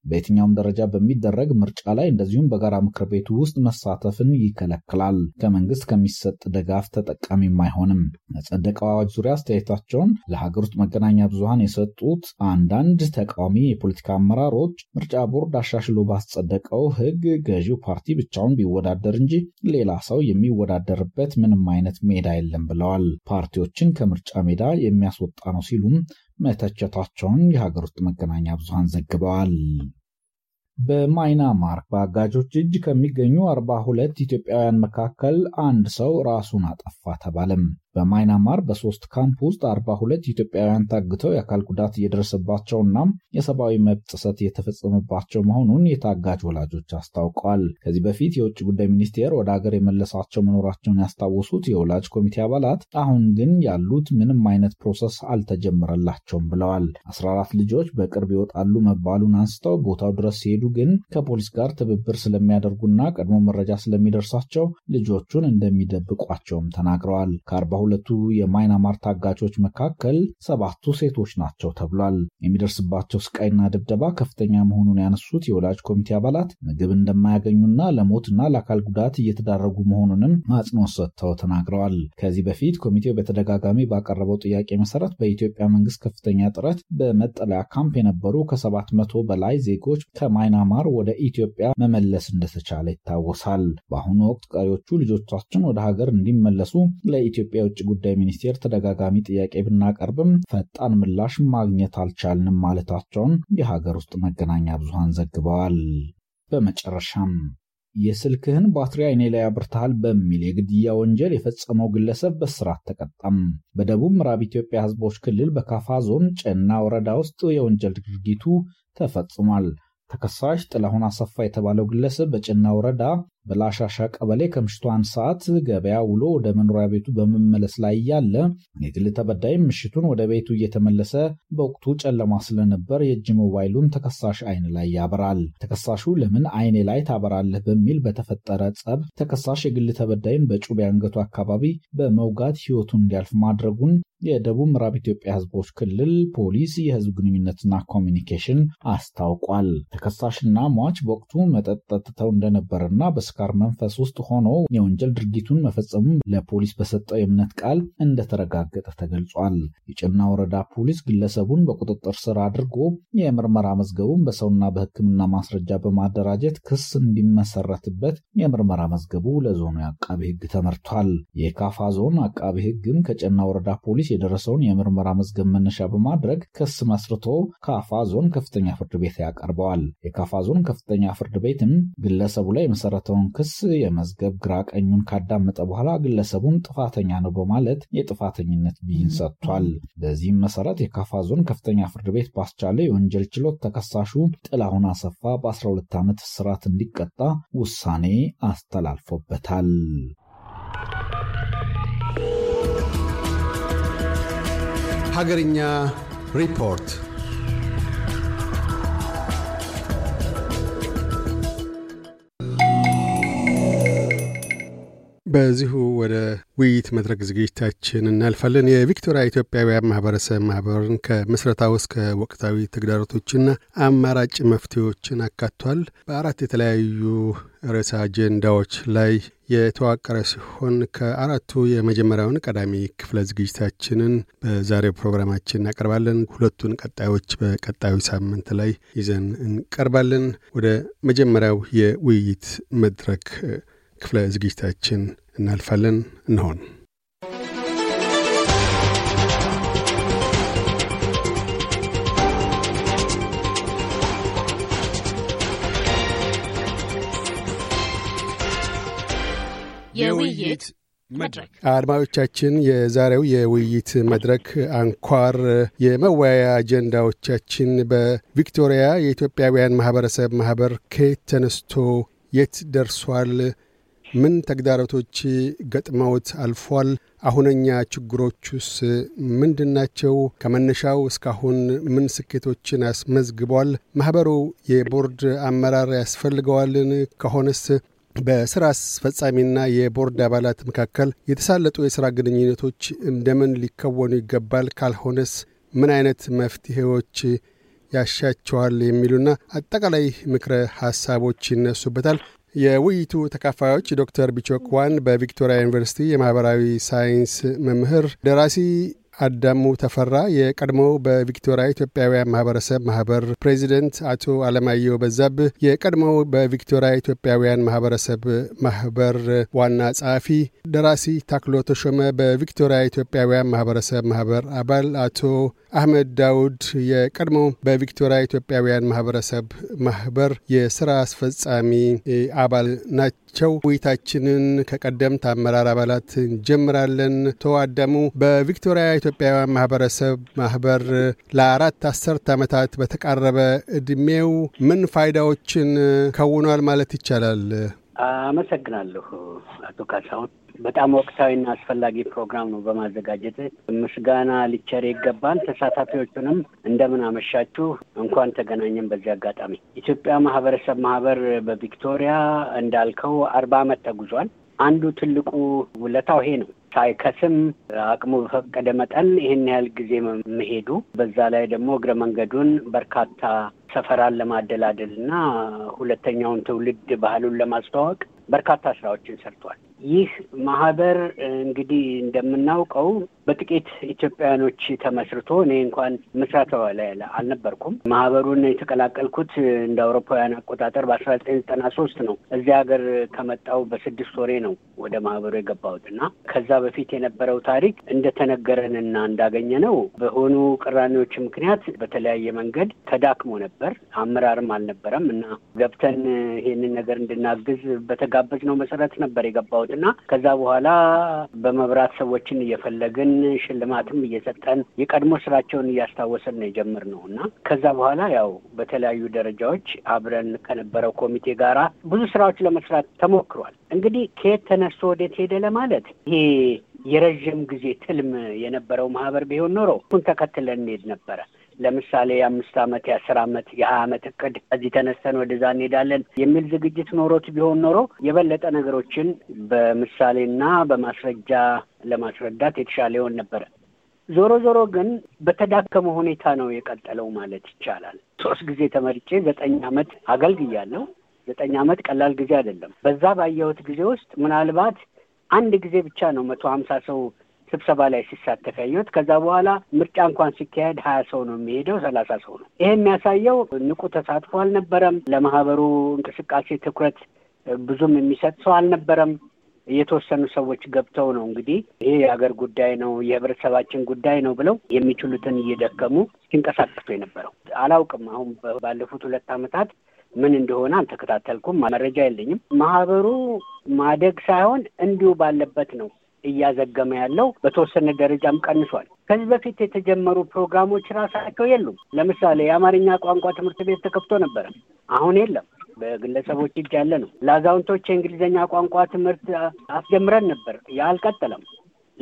በየትኛውም ደረጃ በሚደረግ ምርጫ ላይ እንደዚሁም በጋራ ምክር ቤቱ ውስጥ መሳተፍን ይከለክላል። ከመንግስት ከሚሰጥ ድጋፍ ተጠቃሚም አይሆንም። በጸደቀው አዋጅ ዙሪያ አስተያየታቸውን ለሀገር ውስጥ መገናኛ ብዙሃን የሰጡት አንዳንድ ተቃዋሚ የፖለቲካ አመራሮች ምርጫ ቦርድ አሻሽሎ ባስጸደቀው ህግ ገዢው ፓርቲ ብቻውን ቢወዳደር እንጂ ሌላ ሰው የሚወዳደርበት ምንም አይነት ሜዳ የለም ብለዋል። ፓርቲዎችን ከምርጫ ሜዳ የሚያስወጣ ነው ሲሉም መተቸታቸውን የሀገር ውስጥ መገናኛ ብዙሃን ዘግበዋል። በማይናማር በአጋጆች እጅ ከሚገኙ ሁለት ኢትዮጵያውያን መካከል አንድ ሰው ራሱን አጠፋ ተባለም። በማይናማር በሶስት ካምፕ ውስጥ 42 ኢትዮጵያውያን ታግተው የአካል ጉዳት እየደረሰባቸው የሰብአዊ መብት ጥሰት እየተፈጸመባቸው መሆኑን የታጋጅ ወላጆች አስታውቀዋል። ከዚህ በፊት የውጭ ጉዳይ ሚኒስቴር ወደ ሀገር የመለሳቸው መኖራቸውን ያስታወሱት የወላጅ ኮሚቴ አባላት አሁን ግን ያሉት ምንም አይነት ፕሮሰስ አልተጀመረላቸውም ብለዋል። 14 ልጆች በቅርብ ይወጣሉ መባሉን አንስተው ቦታው ድረስ ሲሄዱ ግን ከፖሊስ ጋር ትብብር ስለሚያደርጉና ቀድሞ መረጃ ስለሚደርሳቸው ልጆቹን እንደሚደብቋቸውም ተናግረዋል። ሁለቱ የማይናማር ታጋቾች መካከል ሰባቱ ሴቶች ናቸው ተብሏል። የሚደርስባቸው ስቃይና ድብደባ ከፍተኛ መሆኑን ያነሱት የወላጅ ኮሚቴ አባላት ምግብ እንደማያገኙና ለሞትና ለአካል ጉዳት እየተዳረጉ መሆኑንም አጽንኦት ሰጥተው ተናግረዋል። ከዚህ በፊት ኮሚቴው በተደጋጋሚ ባቀረበው ጥያቄ መሰረት በኢትዮጵያ መንግስት ከፍተኛ ጥረት በመጠለያ ካምፕ የነበሩ ከሰባት መቶ በላይ ዜጎች ከማይናማር ወደ ኢትዮጵያ መመለስ እንደተቻለ ይታወሳል። በአሁኑ ወቅት ቀሪዎቹ ልጆቻችን ወደ ሀገር እንዲመለሱ ለኢትዮጵያ የውጭ ጉዳይ ሚኒስቴር ተደጋጋሚ ጥያቄ ብናቀርብም ፈጣን ምላሽ ማግኘት አልቻልንም ማለታቸውን የሀገር ውስጥ መገናኛ ብዙሃን ዘግበዋል። በመጨረሻም የስልክህን ባትሪ አይኔ ላይ አብርተሃል በሚል የግድያ ወንጀል የፈጸመው ግለሰብ በስርዓት ተቀጣም። በደቡብ ምዕራብ ኢትዮጵያ ህዝቦች ክልል በካፋ ዞን ጨና ወረዳ ውስጥ የወንጀል ድርጊቱ ተፈጽሟል። ተከሳሽ ጥላሁን አሰፋ የተባለው ግለሰብ በጭና ወረዳ በላሻሻ ቀበሌ ከምሽቱ አንድ ሰዓት ገበያ ውሎ ወደ መኖሪያ ቤቱ በመመለስ ላይ እያለ የግል ተበዳይም ምሽቱን ወደ ቤቱ እየተመለሰ በወቅቱ ጨለማ ስለነበር የእጅ ሞባይሉን ተከሳሽ አይን ላይ ያበራል። ተከሳሹ ለምን አይኔ ላይ ታበራለህ በሚል በተፈጠረ ጸብ ተከሳሽ የግል ተበዳይን በጩቤ አንገቱ አካባቢ በመውጋት ሕይወቱን እንዲያልፍ ማድረጉን የደቡብ ምዕራብ ኢትዮጵያ ህዝቦች ክልል ፖሊስ የህዝብ ግንኙነትና ኮሚኒኬሽን አስታውቋል። ተከሳሽና ሟች በወቅቱ መጠጥ ጠጥተው እንደነበረና በስ የማስካር መንፈስ ውስጥ ሆኖ የወንጀል ድርጊቱን መፈጸሙን ለፖሊስ በሰጠው የእምነት ቃል እንደተረጋገጠ ተገልጿል። የጭና ወረዳ ፖሊስ ግለሰቡን በቁጥጥር ስር አድርጎ የምርመራ መዝገቡን በሰውና በሕክምና ማስረጃ በማደራጀት ክስ እንዲመሰረትበት የምርመራ መዝገቡ ለዞኑ የአቃቤ ሕግ ተመርቷል። የካፋ ዞን አቃቢ ሕግም ከጭና ወረዳ ፖሊስ የደረሰውን የምርመራ መዝገብ መነሻ በማድረግ ክስ መስርቶ ካፋ ዞን ከፍተኛ ፍርድ ቤት ያቀርበዋል። የካፋ ዞን ከፍተኛ ፍርድ ቤትም ግለሰቡ ላይ የመሰረተውን የቀረበውን ክስ የመዝገብ ግራ ቀኙን ካዳመጠ በኋላ ግለሰቡን ጥፋተኛ ነው በማለት የጥፋተኝነት ብይን ሰጥቷል። በዚህም መሰረት የካፋ ዞን ከፍተኛ ፍርድ ቤት ባስቻለ የወንጀል ችሎት ተከሳሹ ጥላሁን አሰፋ በ12 ዓመት እስራት እንዲቀጣ ውሳኔ አስተላልፎበታል። ሀገርኛ ሪፖርት በዚሁ ወደ ውይይት መድረክ ዝግጅታችን እናልፋለን። የቪክቶሪያ ኢትዮጵያውያን ማህበረሰብ ማህበርን ከምስረታው እስከ ወቅታዊ ተግዳሮቶችና አማራጭ መፍትሄዎችን አካቷል። በአራት የተለያዩ ርዕሰ አጀንዳዎች ላይ የተዋቀረ ሲሆን ከአራቱ የመጀመሪያውን ቀዳሚ ክፍለ ዝግጅታችንን በዛሬው ፕሮግራማችን እናቀርባለን። ሁለቱን ቀጣዮች በቀጣዩ ሳምንት ላይ ይዘን እንቀርባለን። ወደ መጀመሪያው የውይይት መድረክ ክፍለ ዝግጅታችን እናልፋለን። እንሆን የውይይት መድረክ አድማጮቻችን፣ የዛሬው የውይይት መድረክ አንኳር የመወያያ አጀንዳዎቻችን በቪክቶሪያ የኢትዮጵያውያን ማህበረሰብ ማህበር ከየት ተነስቶ የት ደርሷል ምን ተግዳሮቶች ገጥመውት አልፏል? አሁነኛ ችግሮቹስ ምንድናቸው? ከመነሻው እስካሁን ምን ስኬቶችን አስመዝግቧል? ማኅበሩ የቦርድ አመራር ያስፈልገዋልን? ከሆነስ በስራ አስፈጻሚና የቦርድ አባላት መካከል የተሳለጡ የሥራ ግንኙነቶች እንደምን ሊከወኑ ይገባል? ካልሆነስ ምን አይነት መፍትሄዎች ያሻቸዋል? የሚሉና አጠቃላይ ምክረ ሐሳቦች ይነሱበታል። የውይይቱ ተካፋዮች ዶክተር ቢቾክዋን በቪክቶሪያ ዩኒቨርሲቲ የማህበራዊ ሳይንስ መምህር፣ ደራሲ አዳሙ ተፈራ የቀድሞው በቪክቶሪያ ኢትዮጵያውያን ማህበረሰብ ማህበር ፕሬዚደንት፣ አቶ አለማየሁ በዛብህ የቀድሞው በቪክቶሪያ ኢትዮጵያውያን ማህበረሰብ ማህበር ዋና ጸሐፊ፣ ደራሲ ታክሎ ተሾመ በቪክቶሪያ ኢትዮጵያውያን ማህበረሰብ ማህበር አባል፣ አቶ አህመድ ዳውድ የቀድሞው በቪክቶሪያ ኢትዮጵያውያን ማህበረሰብ ማህበር የስራ አስፈጻሚ አባል ናቸው። ናቸው። ውይይታችንን ከቀደምት አመራር አባላት እንጀምራለን። አቶ አዳሙ በቪክቶሪያ ኢትዮጵያውያን ማህበረሰብ ማህበር ለአራት አስርት ዓመታት በተቃረበ እድሜው ምን ፋይዳዎችን ከውኗል ማለት ይቻላል? አመሰግናለሁ አቶ ካሳሁን። በጣም ወቅታዊና አስፈላጊ ፕሮግራም ነው በማዘጋጀት ምስጋና ሊቸር ይገባል። ተሳታፊዎቹንም እንደምን አመሻችሁ፣ እንኳን ተገናኘን። በዚህ አጋጣሚ ኢትዮጵያ ማህበረሰብ ማህበር በቪክቶሪያ እንዳልከው አርባ ዓመት ተጉዟል። አንዱ ትልቁ ውለታው ይሄ ነው። ሳይከስም አቅሙ በፈቀደ መጠን ይህን ያህል ጊዜ መሄዱ፣ በዛ ላይ ደግሞ እግረ መንገዱን በርካታ ሰፈራን ለማደላደል እና ሁለተኛውን ትውልድ ባህሉን ለማስተዋወቅ በርካታ ስራዎችን ሰርቷል። ይህ ማህበር እንግዲህ እንደምናውቀው በጥቂት ኢትዮጵያውያኖች ተመስርቶ እኔ እንኳን መስራተዋ ላይ አልነበርኩም። ማህበሩን የተቀላቀልኩት እንደ አውሮፓውያን አቆጣጠር በአስራ ዘጠኝ ዘጠና ሶስት ነው። እዚህ ሀገር ከመጣው በስድስት ወሬ ነው ወደ ማህበሩ የገባሁት እና ከዛ በፊት የነበረው ታሪክ እንደተነገረን እና እንዳገኘ ነው በሆኑ ቅራኔዎች ምክንያት በተለያየ መንገድ ተዳክሞ ነበር። አመራርም አልነበረም እና ገብተን ይህንን ነገር እንድናግዝ ነው መሰረት ነበር የገባሁት እና ከዛ በኋላ በመብራት ሰዎችን እየፈለግን ሽልማትም እየሰጠን የቀድሞ ስራቸውን እያስታወሰን ነው የጀመርነው እና ከዛ በኋላ ያው በተለያዩ ደረጃዎች አብረን ከነበረው ኮሚቴ ጋራ ብዙ ስራዎች ለመስራት ተሞክሯል። እንግዲህ ከየት ተነስቶ ወዴት ሄደ ለማለት ይሄ የረዥም ጊዜ ትልም የነበረው ማህበር ቢሆን ኖሮ ሁን ተከትለን እንሄድ ነበረ። ለምሳሌ የአምስት አመት የአስር ዓመት የሀያ ዓመት እቅድ እዚህ ተነስተን ወደዛ እንሄዳለን የሚል ዝግጅት ኖሮት ቢሆን ኖሮ የበለጠ ነገሮችን በምሳሌና በማስረጃ ለማስረዳት የተሻለ ይሆን ነበረ። ዞሮ ዞሮ ግን በተዳከመ ሁኔታ ነው የቀጠለው ማለት ይቻላል። ሶስት ጊዜ ተመርጬ ዘጠኝ አመት አገልግያለሁ። ዘጠኝ አመት ቀላል ጊዜ አይደለም። በዛ ባየሁት ጊዜ ውስጥ ምናልባት አንድ ጊዜ ብቻ ነው መቶ ሀምሳ ሰው ስብሰባ ላይ ሲሳተፍ ያየሁት። ከዛ በኋላ ምርጫ እንኳን ሲካሄድ ሀያ ሰው ነው የሚሄደው፣ ሰላሳ ሰው ነው። ይሄ የሚያሳየው ንቁ ተሳትፎ አልነበረም። ለማህበሩ እንቅስቃሴ ትኩረት ብዙም የሚሰጥ ሰው አልነበረም። የተወሰኑ ሰዎች ገብተው ነው እንግዲህ ይሄ የሀገር ጉዳይ ነው፣ የህብረተሰባችን ጉዳይ ነው ብለው የሚችሉትን እየደከሙ ሲንቀሳቀሱ የነበረው አላውቅም። አሁን ባለፉት ሁለት ዓመታት ምን እንደሆነ አልተከታተልኩም፣ መረጃ የለኝም። ማህበሩ ማደግ ሳይሆን እንዲሁ ባለበት ነው እያዘገመ ያለው በተወሰነ ደረጃም ቀንሷል። ከዚህ በፊት የተጀመሩ ፕሮግራሞች ራሳቸው የሉም። ለምሳሌ የአማርኛ ቋንቋ ትምህርት ቤት ተከፍቶ ነበረ፣ አሁን የለም። በግለሰቦች እጅ ያለ ነው። ለአዛውንቶች የእንግሊዝኛ ቋንቋ ትምህርት አስጀምረን ነበር፣ ያ አልቀጠለም።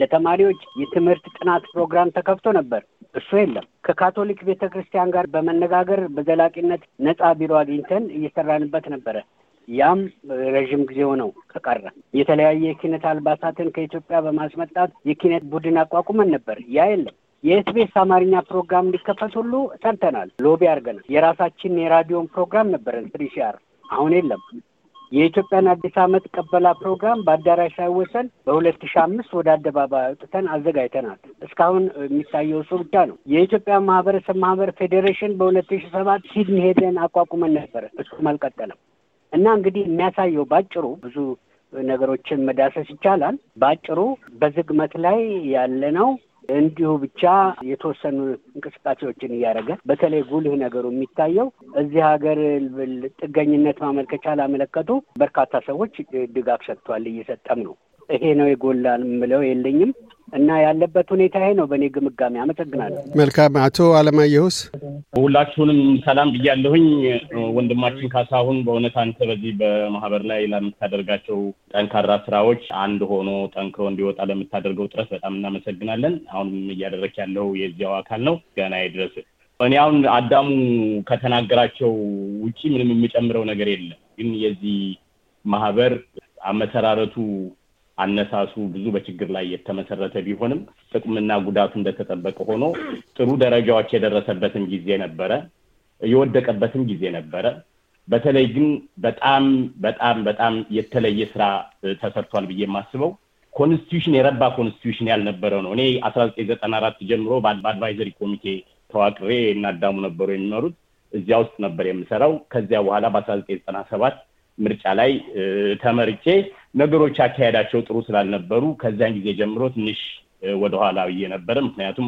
ለተማሪዎች የትምህርት ጥናት ፕሮግራም ተከፍቶ ነበር፣ እሱ የለም። ከካቶሊክ ቤተ ክርስቲያን ጋር በመነጋገር በዘላቂነት ነጻ ቢሮ አግኝተን እየሰራንበት ነበረ። ያም ረዥም ጊዜ ሆነው ከቀረ የተለያየ የኪነት አልባሳትን ከኢትዮጵያ በማስመጣት የኪነት ቡድን አቋቁመን ነበር። ያ የለም። የኤስቤስ አማርኛ ፕሮግራም እንዲከፈት ሁሉ ሰርተናል፣ ሎቢ አድርገናል። የራሳችን የራዲዮን ፕሮግራም ነበረን ስሪ አሁን የለም። የኢትዮጵያን አዲስ ዓመት ቀበላ ፕሮግራም በአዳራሽ ሳይወሰን በሁለት ሺ አምስት ወደ አደባባይ አውጥተን አዘጋጅተናል። እስካሁን የሚታየው እሱ ብቻ ነው። የኢትዮጵያ ማህበረሰብ ማህበር ፌዴሬሽን በሁለት ሺ ሰባት ሲድኒ ሄደን አቋቁመን ነበረ፣ እሱም አልቀጠለም። እና እንግዲህ የሚያሳየው ባጭሩ ብዙ ነገሮችን መዳሰስ ይቻላል። ባጭሩ በዝግመት ላይ ያለነው እንዲሁ ብቻ የተወሰኑ እንቅስቃሴዎችን እያደረገ በተለይ ጉልህ ነገሩ የሚታየው እዚህ ሀገር ጥገኝነት ማመልከቻ ላመለከቱ በርካታ ሰዎች ድጋፍ ሰጥቷል፣ እየሰጠም ነው። ይሄ ነው የጎላል የምለው የለኝም እና ያለበት ሁኔታ ይሄ ነው በእኔ ግምጋሜ። አመሰግናለሁ። መልካም አቶ አለማየሁስ ሁላችሁንም ሰላም ብያለሁኝ። ወንድማችን ካሳሁን በእውነት አንተ በዚህ በማህበር ላይ ለምታደርጋቸው ጠንካራ ስራዎች አንድ ሆኖ ጠንክሮ እንዲወጣ ለምታደርገው ጥረት በጣም እናመሰግናለን። አሁንም እያደረክ ያለው የዚያው አካል ነው። ገና ድረስ እኔ አሁን አዳሙ ከተናገራቸው ውጪ ምንም የምጨምረው ነገር የለም። ግን የዚህ ማህበር አመሰራረቱ አነሳሱ ብዙ በችግር ላይ የተመሰረተ ቢሆንም ጥቅምና ጉዳቱ እንደተጠበቀ ሆኖ ጥሩ ደረጃዎች የደረሰበትም ጊዜ ነበረ፣ የወደቀበትም ጊዜ ነበረ። በተለይ ግን በጣም በጣም በጣም የተለየ ስራ ተሰርቷል ብዬ የማስበው ኮንስቲቱሽን የረባ ኮንስቲቱሽን ያልነበረ ነው። እኔ አስራ ዘጠኝ ዘጠና አራት ጀምሮ በአድቫይዘሪ ኮሚቴ ተዋቅሬ እናዳሙ ነበሩ የሚመሩት እዚያ ውስጥ ነበር የምሰራው። ከዚያ በኋላ በአስራ ዘጠኝ ዘጠና ሰባት ምርጫ ላይ ተመርጬ ነገሮች አካሄዳቸው ጥሩ ስላልነበሩ ከዚያን ጊዜ ጀምሮ ትንሽ ወደኋላ ብዬ ነበረ። ምክንያቱም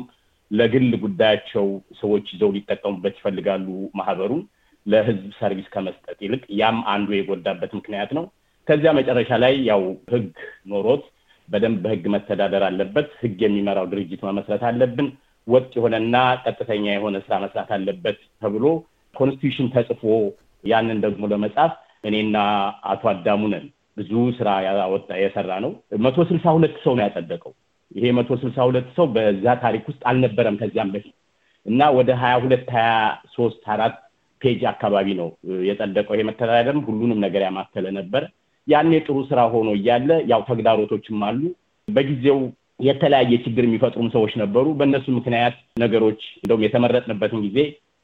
ለግል ጉዳያቸው ሰዎች ይዘው ሊጠቀሙበት ይፈልጋሉ ማህበሩን ለህዝብ ሰርቪስ ከመስጠት ይልቅ ያም አንዱ የጎዳበት ምክንያት ነው። ከዚያ መጨረሻ ላይ ያው ህግ ኖሮት በደንብ በህግ መተዳደር አለበት። ህግ የሚመራው ድርጅት መመስረት አለብን። ወጥ የሆነና ቀጥተኛ የሆነ ስራ መስራት አለበት ተብሎ ኮንስቲቱሽን ተጽፎ ያንን ደግሞ ለመጻፍ እኔና አቶ አዳሙ ነን ብዙ ስራ ያወጣ የሰራ ነው። መቶ ስልሳ ሁለት ሰው ነው ያጸደቀው። ይሄ መቶ ስልሳ ሁለት ሰው በዛ ታሪክ ውስጥ አልነበረም ከዚያም በፊት እና ወደ ሀያ ሁለት ሀያ ሶስት አራት ፔጅ አካባቢ ነው የጸደቀው። ይሄ መተዳደርም ሁሉንም ነገር ያማከለ ነበር። ያኔ ጥሩ ስራ ሆኖ እያለ ያው ተግዳሮቶችም አሉ። በጊዜው የተለያየ ችግር የሚፈጥሩም ሰዎች ነበሩ። በእነሱ ምክንያት ነገሮች እንደውም የተመረጥንበትን ጊዜ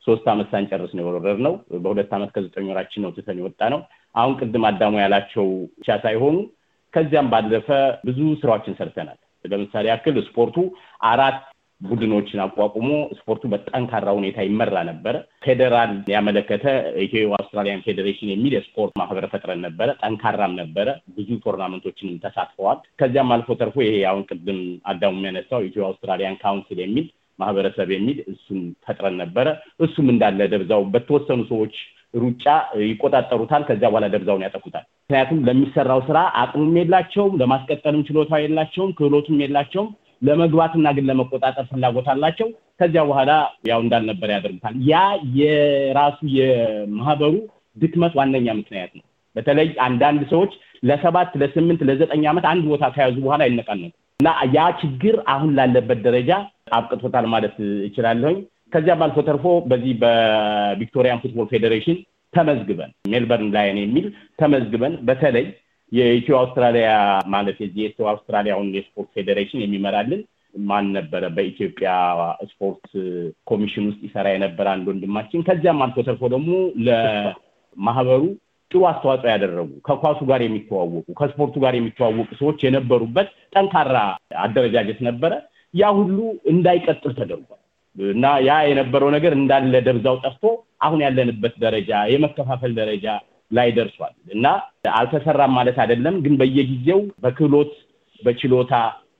ሶስት አመት ሳንጨርስ ነው የወረር ነው። በሁለት አመት ከዘጠኝ ወራችን ነው ትተን የወጣ ነው። አሁን ቅድም አዳሙ ያላቸው ብቻ ሳይሆኑ ከዚያም ባለፈ ብዙ ስራዎችን ሰርተናል። ለምሳሌ ያክል ስፖርቱ አራት ቡድኖችን አቋቁሞ ስፖርቱ በጠንካራ ሁኔታ ይመራ ነበረ። ፌዴራል ያመለከተ ኢትዮ አውስትራሊያን ፌዴሬሽን የሚል የስፖርት ማህበረ ፈጥረን ነበረ። ጠንካራም ነበረ። ብዙ ቶርናመንቶችንም ተሳትፈዋል። ከዚያም አልፎ ተርፎ ይሄ አሁን ቅድም አዳሙ የሚያነሳው ኢትዮ አውስትራሊያን ካውንስል የሚል ማህበረሰብ የሚል እሱን ፈጥረን ነበረ። እሱም እንዳለ ደብዛው በተወሰኑ ሰዎች ሩጫ ይቆጣጠሩታል። ከዚያ በኋላ ደብዛውን ያጠቁታል። ምክንያቱም ለሚሰራው ስራ አቅሙም የላቸውም፣ ለማስቀጠልም ችሎታ የላቸውም፣ ክህሎቱም የላቸውም። ለመግባትና ግን ለመቆጣጠር ፍላጎት አላቸው። ከዚያ በኋላ ያው እንዳልነበረ ያደርጉታል። ያ የራሱ የማህበሩ ድክመት ዋነኛ ምክንያት ነው። በተለይ አንዳንድ ሰዎች ለሰባት ለስምንት ለዘጠኝ ዓመት አንድ ቦታ ከያዙ በኋላ አይነቃነቁ እና ያ ችግር አሁን ላለበት ደረጃ አብቅቶታል ማለት እችላለሁኝ። ከዚያም አልፎ ተርፎ በዚህ በቪክቶሪያን ፉትቦል ፌዴሬሽን ተመዝግበን ሜልበርን ላይን የሚል ተመዝግበን በተለይ የኢትዮ አውስትራሊያ ማለት የዚህ የኢትዮ አውስትራሊያውን የስፖርት ፌዴሬሽን የሚመራልን ማን ነበረ? በኢትዮጵያ ስፖርት ኮሚሽን ውስጥ ይሰራ የነበረ አንድ ወንድማችን። ከዚያም አልፎ ተርፎ ደግሞ ለማህበሩ ጥሩ አስተዋጽኦ ያደረጉ ከኳሱ ጋር የሚተዋወቁ ከስፖርቱ ጋር የሚተዋወቁ ሰዎች የነበሩበት ጠንካራ አደረጃጀት ነበረ። ያ ሁሉ እንዳይቀጥል ተደርጓል እና ያ የነበረው ነገር እንዳለ ደብዛው ጠፍቶ አሁን ያለንበት ደረጃ የመከፋፈል ደረጃ ላይ ደርሷል እና አልተሰራም ማለት አይደለም፣ ግን በየጊዜው በክህሎት በችሎታ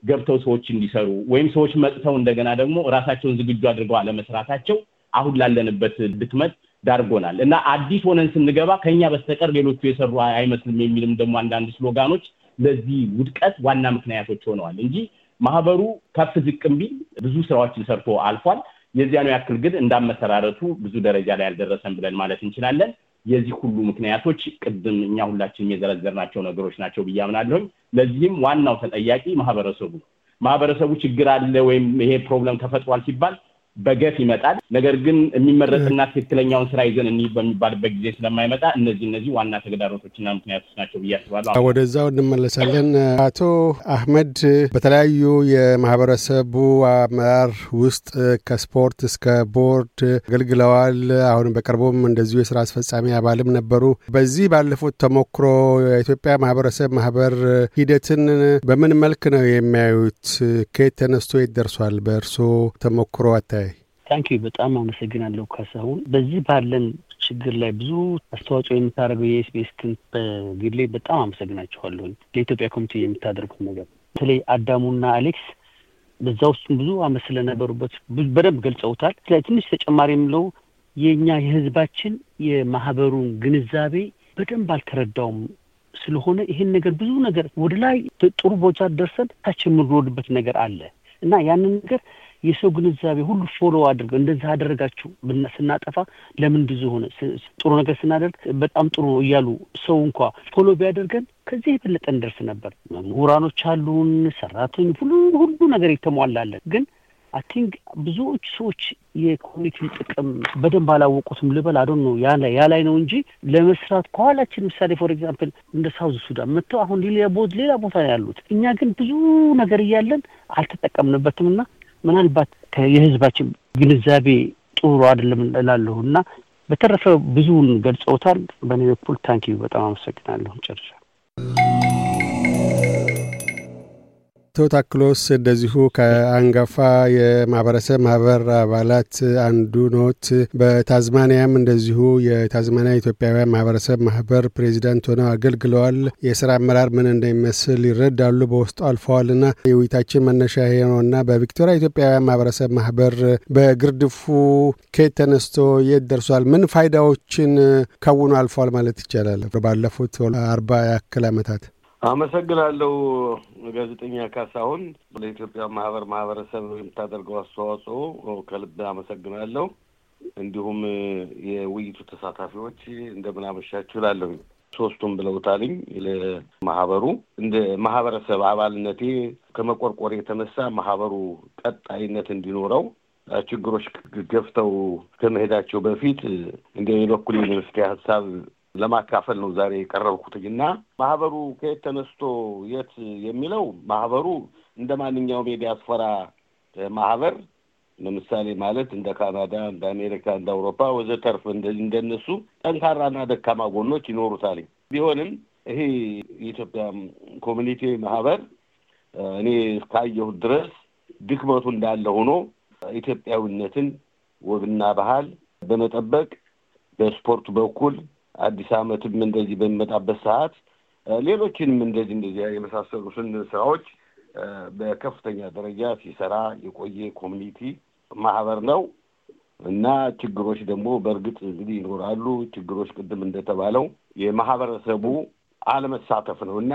ገብተው ሰዎች እንዲሰሩ ወይም ሰዎች መጥተው እንደገና ደግሞ ራሳቸውን ዝግጁ አድርገው አለመስራታቸው አሁን ላለንበት ድክመት ዳርጎናል እና አዲስ ሆነን ስንገባ ከኛ በስተቀር ሌሎቹ የሰሩ አይመስልም የሚልም ደግሞ አንዳንድ ስሎጋኖች ለዚህ ውድቀት ዋና ምክንያቶች ሆነዋል እንጂ ማህበሩ ከፍ ዝቅም ቢል ብዙ ስራዎችን ሰርቶ አልፏል። ነው ያክል ግን እንዳመሰራረቱ ብዙ ደረጃ ላይ አልደረሰም ብለን ማለት እንችላለን። የዚህ ሁሉ ምክንያቶች ቅድም እኛ ሁላችንም የዘረዘርናቸው ነገሮች ናቸው ብያምናለሁኝ አምናለሁኝ። ለዚህም ዋናው ተጠያቂ ማህበረሰቡ ነው። ማህበረሰቡ ችግር አለ ወይም ይሄ ፕሮብለም ተፈጥሯል ሲባል በገፍ ይመጣል። ነገር ግን የሚመረጥና ትክክለኛውን ስራ ይዘን እንሂድ በሚባልበት ጊዜ ስለማይመጣ እነዚህ እነዚህ ዋና ተግዳሮቶችና ምክንያቶች ናቸው ብዬ ወደዛው እንመለሳለን። አቶ አህመድ በተለያዩ የማህበረሰቡ አመራር ውስጥ ከስፖርት እስከ ቦርድ አገልግለዋል። አሁን በቅርቡም እንደዚሁ የስራ አስፈጻሚ አባልም ነበሩ። በዚህ ባለፉት ተሞክሮ የኢትዮጵያ ማህበረሰብ ማህበር ሂደትን በምን መልክ ነው የሚያዩት? ከየት ተነስቶ የት ደርሷል? በእርሶ ተሞክሮ አታይ ታንኪ በጣም አመሰግናለሁ ካሳሁን። በዚህ ባለን ችግር ላይ ብዙ አስተዋጽኦ የምታደርገው የኤስቢኤስ ክን በግሌ በጣም አመሰግናችኋለሁኝ ለኢትዮጵያ ኮሚቴ የምታደርጉት ነገር በተለይ አዳሙና አሌክስ በዛ ውስጥም ብዙ አመት ስለነበሩበት በደንብ ገልጸውታል። ላይ ትንሽ ተጨማሪ የምለው የእኛ የህዝባችን የማህበሩን ግንዛቤ በደንብ አልተረዳውም። ስለሆነ ይሄን ነገር ብዙ ነገር ወደ ላይ ጥሩ ቦታ ደርሰን ታች የምንሮድበት ነገር አለ እና ያንን ነገር የሰው ግንዛቤ ሁሉ ፎሎ አድርገ እንደዚህ አደረጋችሁ ስናጠፋ ለምን ብዙ ሆነ፣ ጥሩ ነገር ስናደርግ በጣም ጥሩ እያሉ ሰው እንኳ ፎሎ ቢያደርገን ከዚህ የበለጠ እንደርስ ነበር። ምሁራኖች አሉን፣ ሰራተኞች፣ ሁሉ ሁሉ ነገር የተሟላለን ግን አይ ቲንክ ብዙዎች ሰዎች የኮሚኒቲን ጥቅም በደንብ አላወቁትም ልበል። አዶን ነው ያ ላይ ነው እንጂ ለመስራት ከኋላችን ምሳሌ ፎር ኤግዛምፕል እንደ ሳውዝ ሱዳን መጥተው አሁን ሌላ ቦታ ነው ያሉት። እኛ ግን ብዙ ነገር እያለን አልተጠቀምንበትም እና ምናልባት የህዝባችን ግንዛቤ ጥሩ አይደለም እላለሁ እና በተረፈ ብዙውን ገልጸውታል። በእኔ በኩል ታንኪ በጣም አመሰግናለሁ። ጨርሻ አቶ ታክሎስ እንደዚሁ ከአንጋፋ የማህበረሰብ ማህበር አባላት አንዱ ኖት። በታዝማኒያም እንደዚሁ የታዝማኒያ ኢትዮጵያውያን ማህበረሰብ ማህበር ፕሬዚዳንት ሆነው አገልግለዋል። የስራ አመራር ምን እንደሚመስል ይረዳሉ፣ በውስጡ አልፈዋል እና የውይይታችን መነሻ ይሄ ነውና በቪክቶሪያ ኢትዮጵያውያን ማህበረሰብ ማህበር በግርድፉ ከየት ተነስቶ የት ደርሷል? ምን ፋይዳዎችን ከውኑ አልፈዋል ማለት ይቻላል? ባለፉት አርባ ያክል አመታት አመሰግናለሁ ጋዜጠኛ ካሳሁን ለኢትዮጵያ ማህበር ማህበረሰብ የምታደርገው አስተዋጽኦ ከልብ አመሰግናለሁ። እንዲሁም የውይይቱ ተሳታፊዎች እንደምን አመሻችሁ እላለሁ። ሶስቱም ብለውታልኝ። ለማህበሩ እንደ ማህበረሰብ አባልነቴ ከመቆርቆር የተነሳ ማህበሩ ቀጣይነት እንዲኖረው ችግሮች ገፍተው ከመሄዳቸው በፊት እንደ የበኩሌን መፍትሄ ሀሳብ ለማካፈል ነው ዛሬ የቀረብኩት እና ማህበሩ ከየት ተነስቶ የት የሚለው ማህበሩ እንደ ማንኛውም የዲያስፖራ ማህበር ለምሳሌ ማለት እንደ ካናዳ፣ እንደ አሜሪካ፣ እንደ አውሮፓ ወዘተርፍ እንደነሱ ጠንካራና ደካማ ጎኖች ይኖሩታል። ቢሆንም ይሄ የኢትዮጵያ ኮሚኒቲ ማህበር እኔ እስካየሁ ድረስ ድክመቱ እንዳለ ሆኖ ኢትዮጵያዊነትን ወግና ባህል በመጠበቅ በስፖርት በኩል አዲስ አመትም እንደዚህ በሚመጣበት ሰዓት ሌሎችንም እንደዚህ እንደዚህ የመሳሰሉትን ስራዎች በከፍተኛ ደረጃ ሲሰራ የቆየ ኮሚኒቲ ማህበር ነው እና ችግሮች ደግሞ በእርግጥ እንግዲህ ይኖራሉ። ችግሮች ቅድም እንደተባለው የማህበረሰቡ አለመሳተፍ ነው እና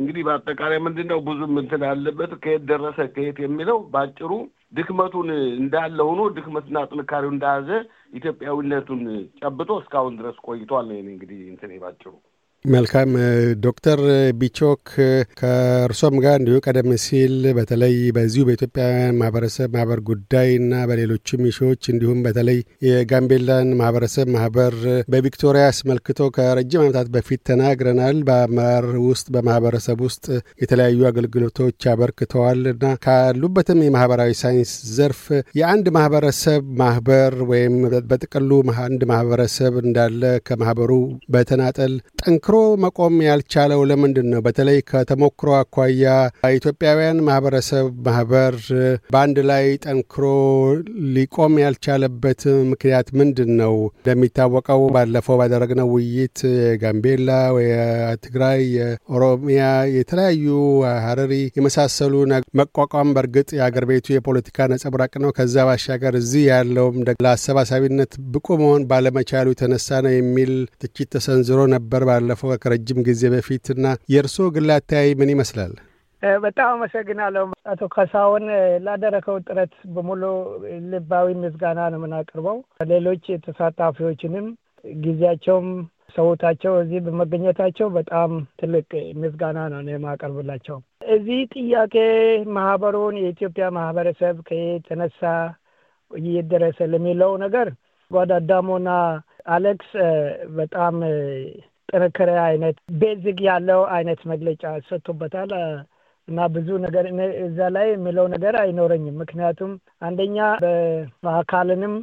እንግዲህ በአጠቃላይ ምንድን ነው ብዙም እንትን ያለበት ከየት ደረሰ ከየት የሚለው በአጭሩ ድክመቱን እንዳለ ሆኖ ድክመትና ጥንካሬው እንደያዘ ኢትዮጵያዊነቱን ጨብጦ እስካሁን ድረስ ቆይቷል። እንግዲህ እንትን ባጭሩ መልካም ዶክተር ቢቾክ ከእርሶም ጋር እንዲሁ ቀደም ሲል በተለይ በዚሁ በኢትዮጵያውያን ማህበረሰብ ማህበር ጉዳይ እና በሌሎችም ይሾዎች እንዲሁም በተለይ የጋምቤላን ማህበረሰብ ማህበር በቪክቶሪያ አስመልክቶ ከረጅም ዓመታት በፊት ተናግረናል። በአመራር ውስጥ በማህበረሰብ ውስጥ የተለያዩ አገልግሎቶች አበርክተዋል እና ካሉበትም የማህበራዊ ሳይንስ ዘርፍ የአንድ ማህበረሰብ ማህበር ወይም በጥቅሉ አንድ ማህበረሰብ እንዳለ ከማህበሩ በተናጠል ጠንክ ጠንክሮ መቆም ያልቻለው ለምንድን ነው? በተለይ ከተሞክሮ አኳያ ኢትዮጵያውያን ማህበረሰብ ማህበር በአንድ ላይ ጠንክሮ ሊቆም ያልቻለበት ምክንያት ምንድን ነው? እንደሚታወቀው ባለፈው ባደረግነው ውይይት የጋምቤላ፣ የትግራይ፣ የኦሮሚያ፣ የተለያዩ ሀረሪ የመሳሰሉ መቋቋም በእርግጥ የአገር ቤቱ የፖለቲካ ነጸብራቅ ነው። ከዛ ባሻገር እዚህ ያለውም ለአሰባሳቢነት ብቁ መሆን ባለመቻሉ የተነሳ ነው የሚል ትችት ተሰንዝሮ ነበር ባለፈው ካለፈው ከረጅም ጊዜ እና የእርስዎ ግል አተያይ ምን ይመስላል? በጣም አመሰግናለሁ አቶ ካሳሁን ላደረከው ጥረት በሙሉ ልባዊ ምስጋና ነው የምናቀርበው። ሌሎች ተሳታፊዎችንም ጊዜያቸውም ሰውታቸው እዚህ በመገኘታቸው በጣም ትልቅ ምስጋና ነው የማቀርብላቸው። እዚህ ጥያቄ ማህበሩን የኢትዮጵያ ማህበረሰብ ከየተነሳ እየደረሰ ለሚለው ነገር ጓዳዳሞና አሌክስ በጣም ጥንክር አይነት ቤዚክ ያለው አይነት መግለጫ ሰጥቶበታል እና ብዙ ነገር እዛ ላይ የሚለው ነገር አይኖረኝም። ምክንያቱም አንደኛ በአካልንም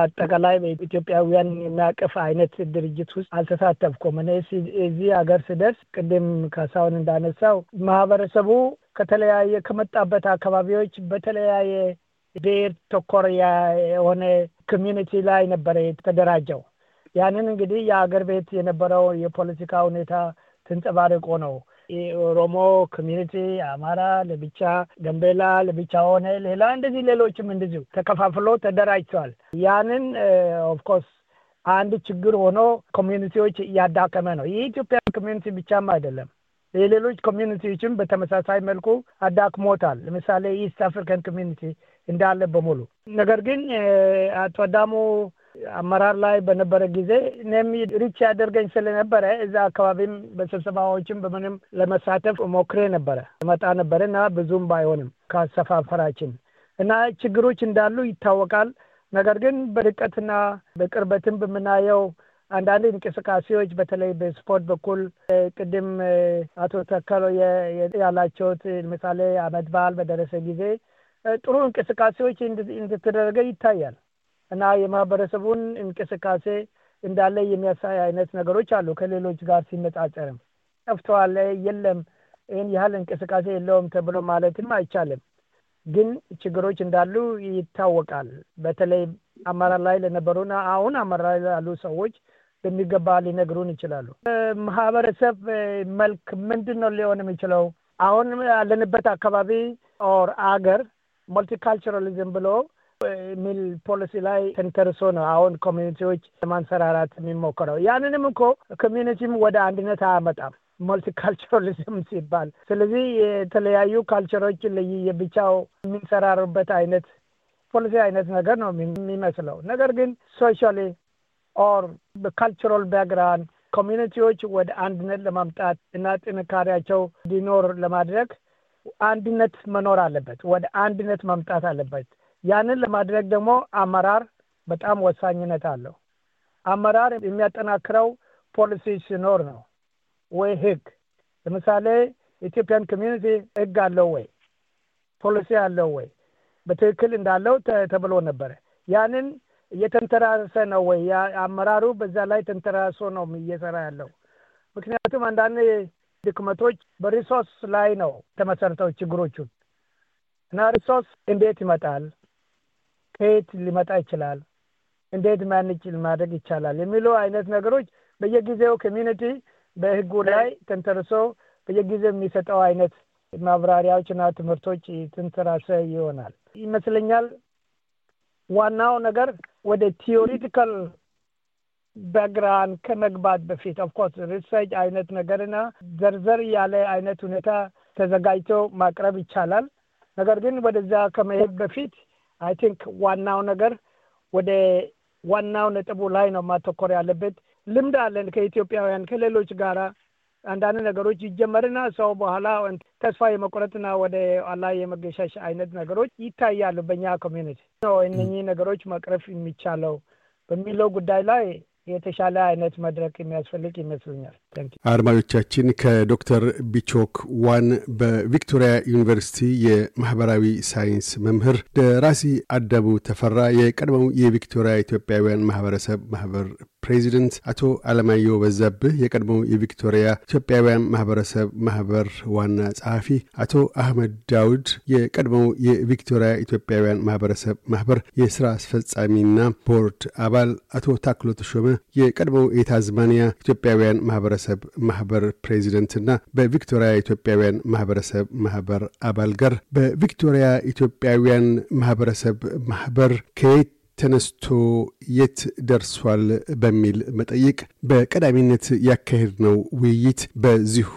አጠቃላይ በኢትዮጵያውያን የሚያቅፍ አይነት ድርጅት ውስጥ አልተሳተፍኩም። እኔ እዚህ ሀገር ስደርስ ቅድም ካሳሁን እንዳነሳው ማህበረሰቡ ከተለያየ ከመጣበት አካባቢዎች በተለያየ ብሔር ተኮር የሆነ ኮሚኒቲ ላይ ነበረ የተደራጀው ያንን እንግዲህ የአገር ቤት የነበረው የፖለቲካ ሁኔታ ትንጸባርቆ ነው። የኦሮሞ ኮሚኒቲ አማራ ለብቻ፣ ገንቤላ ለብቻ ሆነ፣ ሌላ እንደዚህ ሌሎችም እንደዚሁ ተከፋፍሎ ተደራጅተዋል። ያንን ኦፍኮርስ አንድ ችግር ሆኖ ኮሚኒቲዎች እያዳከመ ነው። የኢትዮጵያ ኮሚኒቲ ብቻም አይደለም የሌሎች ኮሚኒቲዎችም በተመሳሳይ መልኩ አዳክሞታል። ለምሳሌ ኢስት አፍሪካን ኮሚኒቲ እንዳለ በሙሉ ነገር ግን አቶ አዳሙ አመራር ላይ በነበረ ጊዜ እኔም ሪች ያደርገኝ ስለነበረ እዛ አካባቢም በስብሰባዎችም በምንም ለመሳተፍ ሞክሬ ነበረ መጣ ነበረ እና ብዙም ባይሆንም ካሰፋፈራችን እና ችግሮች እንዳሉ ይታወቃል። ነገር ግን በድቀትና በቅርበትም በምናየው አንዳንድ እንቅስቃሴዎች በተለይ በስፖርት በኩል ቅድም አቶ ተከሎ ያላቸውት ለምሳሌ አመት በዓል በደረሰ ጊዜ ጥሩ እንቅስቃሴዎች እንደተደረገ ይታያል። እና የማህበረሰቡን እንቅስቃሴ እንዳለ የሚያሳይ አይነት ነገሮች አሉ። ከሌሎች ጋር ሲነጻጸርም ጠፍተዋል፣ የለም ይህን ያህል እንቅስቃሴ የለውም ተብሎ ማለትም አይቻልም። ግን ችግሮች እንዳሉ ይታወቃል። በተለይ አማራ ላይ ለነበሩና አሁን አማራ ላይ ላሉ ሰዎች በሚገባ ሊነግሩን ይችላሉ። ማህበረሰብ መልክ ምንድን ነው ሊሆን የሚችለው? አሁን ያለንበት አካባቢ ኦር አገር ሞልቲካልቸራሊዝም ብሎ የሚል ፖሊሲ ላይ ተንተርሶ ነው አሁን ኮሚኒቲዎች ለማንሰራራት የሚሞክረው። ያንንም እኮ ኮሚኒቲም ወደ አንድነት አያመጣም ሞልቲካልቸራሊዝም (laughs) ሲባል። ስለዚህ የተለያዩ ካልቸሮች ለየብቻው የሚንሰራሩበት አይነት ፖሊሲ አይነት ነገር ነው የሚመስለው። ነገር ግን ሶሻሊ ኦር በካልቸራል ባክግራውንድ ኮሚኒቲዎች ወደ አንድነት ለማምጣት እና ጥንካሬያቸው እንዲኖር ለማድረግ አንድነት መኖር አለበት። ወደ አንድነት መምጣት አለበት። ያንን ለማድረግ ደግሞ አመራር በጣም ወሳኝነት አለው። አመራር የሚያጠናክረው ፖሊሲ ሲኖር ነው ወይ ህግ። ለምሳሌ ኢትዮጵያን ኮሚኒቲ ህግ አለው ወይ ፖሊሲ አለው ወይ በትክክል እንዳለው ተብሎ ነበረ። ያንን እየተንተራሰ ነው ወይ አመራሩ በዛ ላይ ተንተራሶ ነው እየሰራ ያለው። ምክንያቱም አንዳንድ ድክመቶች በሪሶርስ ላይ ነው ተመሰርተው ችግሮቹን እና ሪሶርስ እንዴት ይመጣል ከየት ሊመጣ ይችላል፣ እንዴት ማንጭ ማድረግ ይቻላል የሚሉ አይነት ነገሮች በየጊዜው ኮሚኒቲ በህጉ ላይ ተንተርሶ በየጊዜው የሚሰጠው አይነት ማብራሪያዎችና ትምህርቶች ትንተራሰ ይሆናል ይመስለኛል። ዋናው ነገር ወደ ቲዮሪቲካል ባክግራውንድ ከመግባት በፊት ኦፍኮርስ ሪሰርች አይነት ነገርና ዘርዘር ያለ አይነት ሁኔታ ተዘጋጅቶ ማቅረብ ይቻላል። ነገር ግን ወደዛ ከመሄድ በፊት አይ ቲንክ ዋናው ነገር ወደ ዋናው ነጥቡ ላይ ነው ማተኮር ያለበት። ልምድ አለን ከኢትዮጵያውያን ከሌሎች ጋራ አንዳንድ ነገሮች ይጀመርና ሰው በኋላ ተስፋ የመቁረጥና ወደ አላ የመገሻሽ አይነት ነገሮች ይታያሉ። በእኛ ኮሚኒቲ እነኚህ ነገሮች መቅረፍ የሚቻለው በሚለው ጉዳይ ላይ የተሻለ አይነት መድረክ የሚያስፈልግ ይመስለኛል። አድማጮቻችን ከዶክተር ቢቾክ ዋን በቪክቶሪያ ዩኒቨርሲቲ የማህበራዊ ሳይንስ መምህር ደራሲ አደቡ ተፈራ፣ የቀድሞው የቪክቶሪያ ኢትዮጵያውያን ማህበረሰብ ማህበር ፕሬዚደንት አቶ አለማየሁ በዛብህ፣ የቀድሞው የቪክቶሪያ ኢትዮጵያውያን ማህበረሰብ ማህበር ዋና ጸሐፊ አቶ አህመድ ዳውድ፣ የቀድሞው የቪክቶሪያ ኢትዮጵያውያን ማህበረሰብ ማህበር የስራ አስፈጻሚና ቦርድ አባል አቶ ታክሎ ተሾመ የቀድሞው የታዝማኒያ ኢትዮጵያውያን ማህበረሰብ ማህበር ፕሬዚደንትና በቪክቶሪያ ኢትዮጵያውያን ማህበረሰብ ማህበር አባል ጋር በቪክቶሪያ ኢትዮጵያውያን ማህበረሰብ ማህበር ከየት ተነስቶ የት ደርሷል በሚል መጠይቅ በቀዳሚነት ያካሄድ ነው ውይይት በዚሁ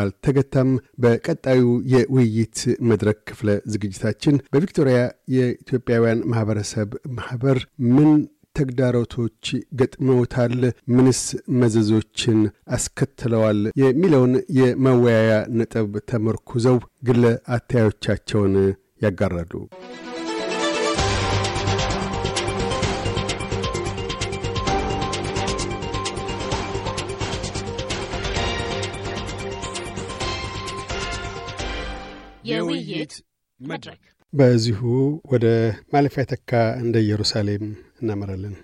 አልተገታም። በቀጣዩ የውይይት መድረክ ክፍለ ዝግጅታችን በቪክቶሪያ የኢትዮጵያውያን ማህበረሰብ ማህበር ምን ተግዳሮቶች ገጥመውታል? ምንስ መዘዞችን አስከትለዋል? የሚለውን የመወያያ ነጥብ ተመርኩዘው ግለ አታዮቻቸውን ያጋራሉ። የውይይት መድረክ በዚሁ ወደ ማለፊያ ተካ እንደ ኢየሩሳሌም Nemrel'in.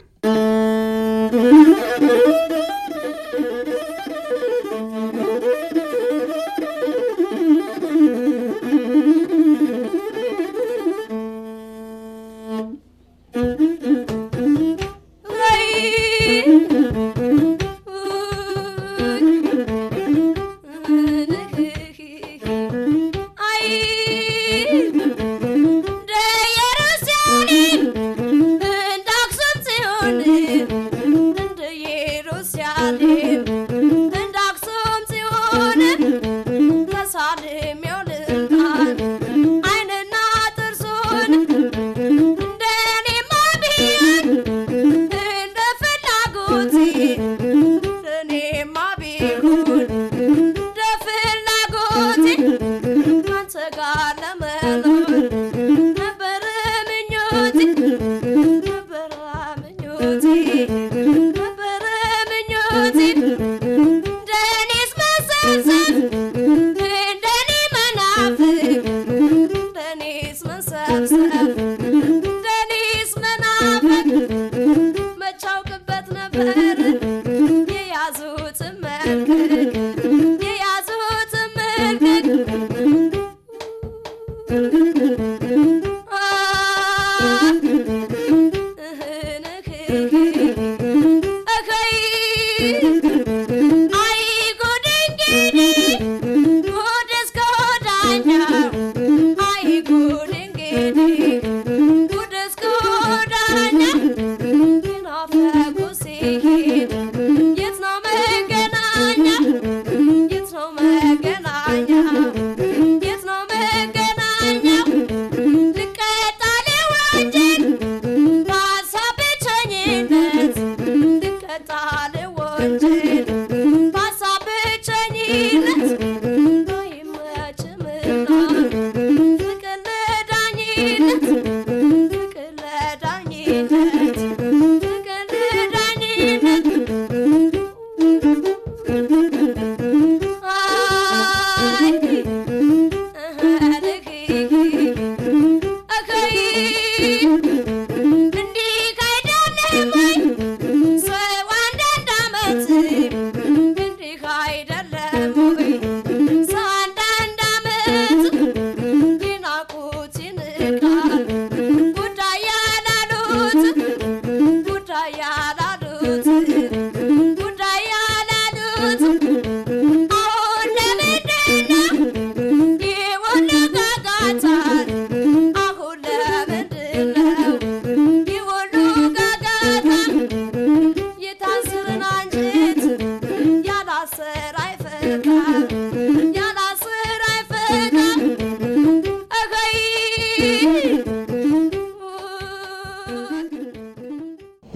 Bye. (laughs)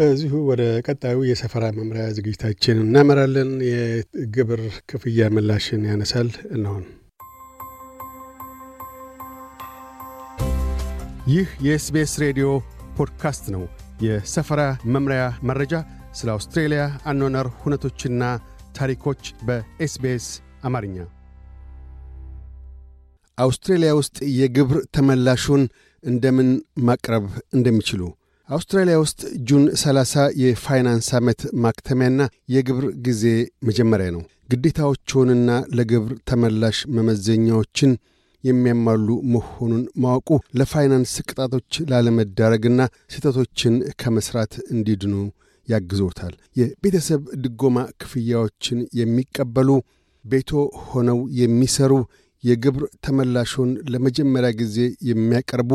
በዚሁ ወደ ቀጣዩ የሰፈራ መምሪያ ዝግጅታችን እናመራለን። የግብር ክፍያ ምላሽን ያነሳል እንሆን ይህ የኤስቤስ ሬዲዮ ፖድካስት ነው። የሰፈራ መምሪያ መረጃ፣ ስለ አውስትሬልያ አኗኗር ሁነቶችና ታሪኮች በኤስቤስ አማርኛ። አውስትሬልያ ውስጥ የግብር ተመላሹን እንደምን ማቅረብ እንደሚችሉ አውስትራሊያ ውስጥ ጁን 30 የፋይናንስ ዓመት ማክተሚያና የግብር ጊዜ መጀመሪያ ነው። ግዴታዎችውንና ለግብር ተመላሽ መመዘኛዎችን የሚያሟሉ መሆኑን ማወቁ ለፋይናንስ ቅጣቶች ላለመዳረግና ስህተቶችን ከመስራት እንዲድኑ ያግዞታል። የቤተሰብ ድጎማ ክፍያዎችን የሚቀበሉ፣ ቤቶ ሆነው የሚሰሩ፣ የግብር ተመላሾን ለመጀመሪያ ጊዜ የሚያቀርቡ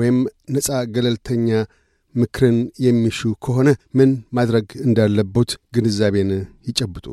ወይም ነፃ ገለልተኛ ምክርን የሚሹ ከሆነ ምን ማድረግ እንዳለቦት ግንዛቤን ይጨብጡ።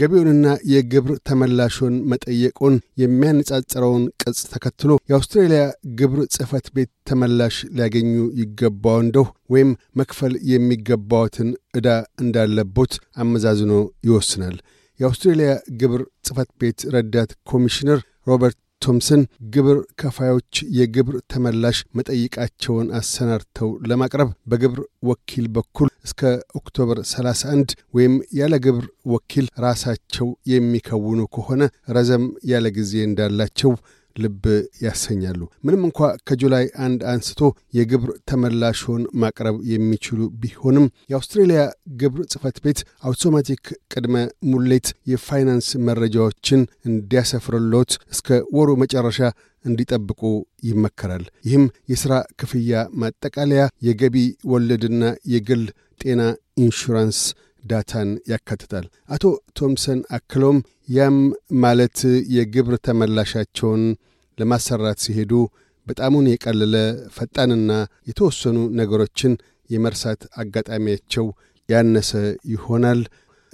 ገቢውንና የግብር ተመላሹን መጠየቁን የሚያነጻጽረውን ቅጽ ተከትሎ የአውስትሬልያ ግብር ጽሕፈት ቤት ተመላሽ ሊያገኙ ይገባው እንደሁ ወይም መክፈል የሚገባዎትን ዕዳ እንዳለቦት አመዛዝኖ ይወስናል። የአውስትሬልያ ግብር ጽሕፈት ቤት ረዳት ኮሚሽነር ሮበርት ቶምሰን ግብር ከፋዮች የግብር ተመላሽ መጠይቃቸውን አሰናድተው ለማቅረብ በግብር ወኪል በኩል እስከ ኦክቶበር 31 ወይም ያለ ግብር ወኪል ራሳቸው የሚከውኑ ከሆነ ረዘም ያለ ጊዜ እንዳላቸው ልብ ያሰኛሉ። ምንም እንኳ ከጁላይ አንድ አንስቶ የግብር ተመላሾን ማቅረብ የሚችሉ ቢሆንም የአውስትሬልያ ግብር ጽህፈት ቤት አውቶማቲክ ቅድመ ሙሌት የፋይናንስ መረጃዎችን እንዲያሰፍርሎት እስከ ወሩ መጨረሻ እንዲጠብቁ ይመከራል። ይህም የሥራ ክፍያ ማጠቃለያ፣ የገቢ ወለድና የግል ጤና ኢንሹራንስ ዳታን ያካትታል። አቶ ቶምሰን አክሎም ያም ማለት የግብር ተመላሻቸውን ለማሰራት ሲሄዱ በጣሙን የቀለለ ፈጣንና የተወሰኑ ነገሮችን የመርሳት አጋጣሚያቸው ያነሰ ይሆናል።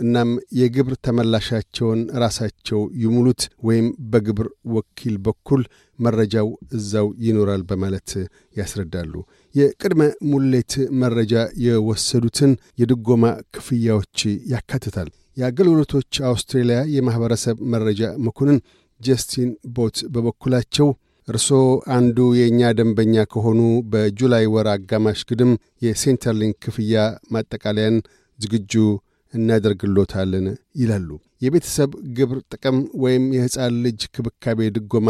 እናም የግብር ተመላሻቸውን ራሳቸው ይሙሉት ወይም በግብር ወኪል በኩል መረጃው እዛው ይኖራል በማለት ያስረዳሉ። የቅድመ ሙሌት መረጃ የወሰዱትን የድጎማ ክፍያዎች ያካትታል። የአገልግሎቶች አውስትሬልያ የማኅበረሰብ መረጃ መኮንን ጀስቲን ቦት በበኩላቸው እርስዎ አንዱ የእኛ ደንበኛ ከሆኑ በጁላይ ወር አጋማሽ ግድም የሴንተርሊንክ ክፍያ ማጠቃለያን ዝግጁ እናደርግሎታለን ይላሉ። የቤተሰብ ግብር ጥቅም ወይም የሕፃን ልጅ ክብካቤ ድጎማ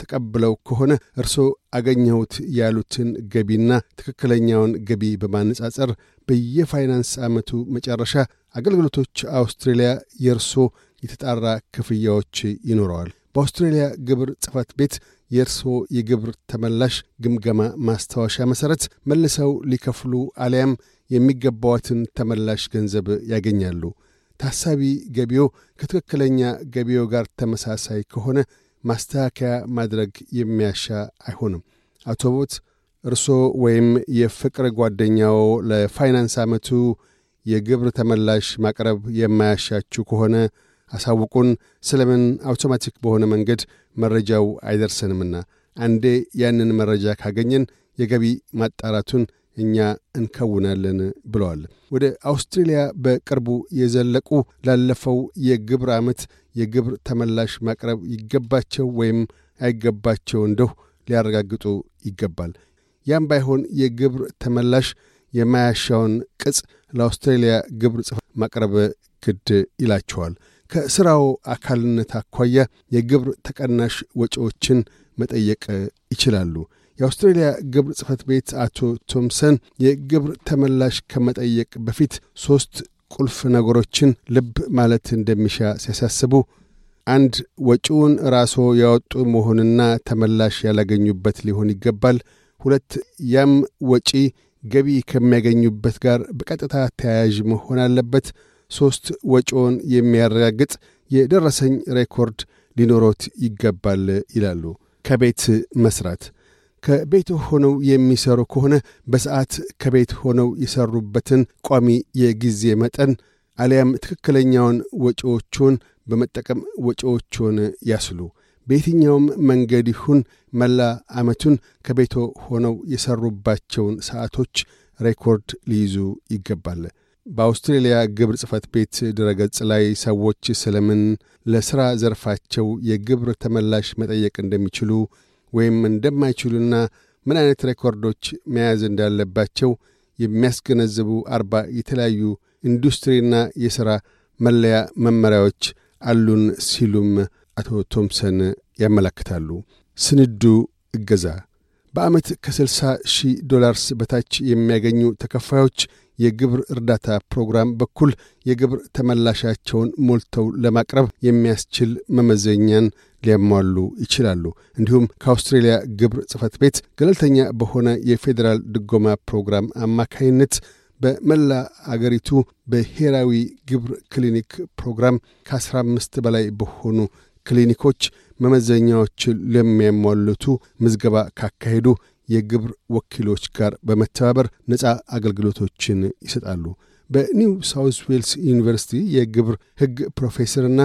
ተቀብለው ከሆነ እርስዎ አገኘሁት ያሉትን ገቢና ትክክለኛውን ገቢ በማነጻጸር በየፋይናንስ ዓመቱ መጨረሻ አገልግሎቶች አውስትሬልያ የእርስዎ የተጣራ ክፍያዎች ይኖረዋል። በአውስትሬልያ ግብር ጽፈት ቤት የእርስዎ የግብር ተመላሽ ግምገማ ማስታወሻ መሠረት መልሰው ሊከፍሉ አሊያም የሚገባዋትን ተመላሽ ገንዘብ ያገኛሉ። ታሳቢ ገቢዎ ከትክክለኛ ገቢዎ ጋር ተመሳሳይ ከሆነ ማስተካከያ ማድረግ የሚያሻ አይሆንም። አውቶቦት እርሶ ወይም የፍቅር ጓደኛው ለፋይናንስ ዓመቱ የግብር ተመላሽ ማቅረብ የማያሻችሁ ከሆነ አሳውቁን። ስለምን አውቶማቲክ በሆነ መንገድ መረጃው አይደርስንምና አንዴ ያንን መረጃ ካገኘን የገቢ ማጣራቱን እኛ እንከውናለን ብለዋል። ወደ አውስትሬልያ በቅርቡ የዘለቁ ላለፈው የግብር ዓመት የግብር ተመላሽ ማቅረብ ይገባቸው ወይም አይገባቸው እንደሁ ሊያረጋግጡ ይገባል። ያም ባይሆን የግብር ተመላሽ የማያሻውን ቅጽ ለአውስትሬልያ ግብር ጽሕፈት ማቅረብ ግድ ይላቸዋል። ከሥራው አካልነት አኳያ የግብር ተቀናሽ ወጪዎችን መጠየቅ ይችላሉ። የአውስትሬልያ ግብር ጽህፈት ቤት አቶ ቶምሰን የግብር ተመላሽ ከመጠየቅ በፊት ሦስት ቁልፍ ነገሮችን ልብ ማለት እንደሚሻ ሲያሳስቡ አንድ ወጪውን ራሶ ያወጡ መሆንና ተመላሽ ያላገኙበት ሊሆን ይገባል። ሁለት ያም ወጪ ገቢ ከሚያገኙበት ጋር በቀጥታ ተያያዥ መሆን አለበት። ሦስት ወጪውን የሚያረጋግጥ የደረሰኝ ሬኮርድ ሊኖሮት ይገባል ይላሉ። ከቤት መስራት ከቤት ሆነው የሚሰሩ ከሆነ በሰዓት ከቤት ሆነው የሰሩበትን ቋሚ የጊዜ መጠን አሊያም ትክክለኛውን ወጪዎቹን በመጠቀም ወጪዎቹን ያስሉ። በየትኛውም መንገድ ይሁን መላ ዓመቱን ከቤቶ ሆነው የሰሩባቸውን ሰዓቶች ሬኮርድ ሊይዙ ይገባል። በአውስትሬልያ ግብር ጽፈት ቤት ድረገጽ ላይ ሰዎች ስለምን ለሥራ ዘርፋቸው የግብር ተመላሽ መጠየቅ እንደሚችሉ ወይም እንደማይችሉና ምን አይነት ሬኮርዶች መያዝ እንዳለባቸው የሚያስገነዝቡ አርባ የተለያዩ ኢንዱስትሪና የሥራ መለያ መመሪያዎች አሉን ሲሉም አቶ ቶምሰን ያመላክታሉ። ስንዱ እገዛ በዓመት ከ60 ሺህ ዶላርስ በታች የሚያገኙ ተከፋዮች የግብር እርዳታ ፕሮግራም በኩል የግብር ተመላሻቸውን ሞልተው ለማቅረብ የሚያስችል መመዘኛን ሊያሟሉ ይችላሉ። እንዲሁም ከአውስትሬልያ ግብር ጽህፈት ቤት ገለልተኛ በሆነ የፌዴራል ድጎማ ፕሮግራም አማካይነት በመላ አገሪቱ ብሔራዊ ግብር ክሊኒክ ፕሮግራም ከ15 በላይ በሆኑ ክሊኒኮች መመዘኛዎች ለሚያሟሉቱ ምዝገባ ካካሄዱ የግብር ወኪሎች ጋር በመተባበር ነፃ አገልግሎቶችን ይሰጣሉ። በኒው ሳውዝ ዌልስ ዩኒቨርሲቲ የግብር ሕግ ፕሮፌሰርና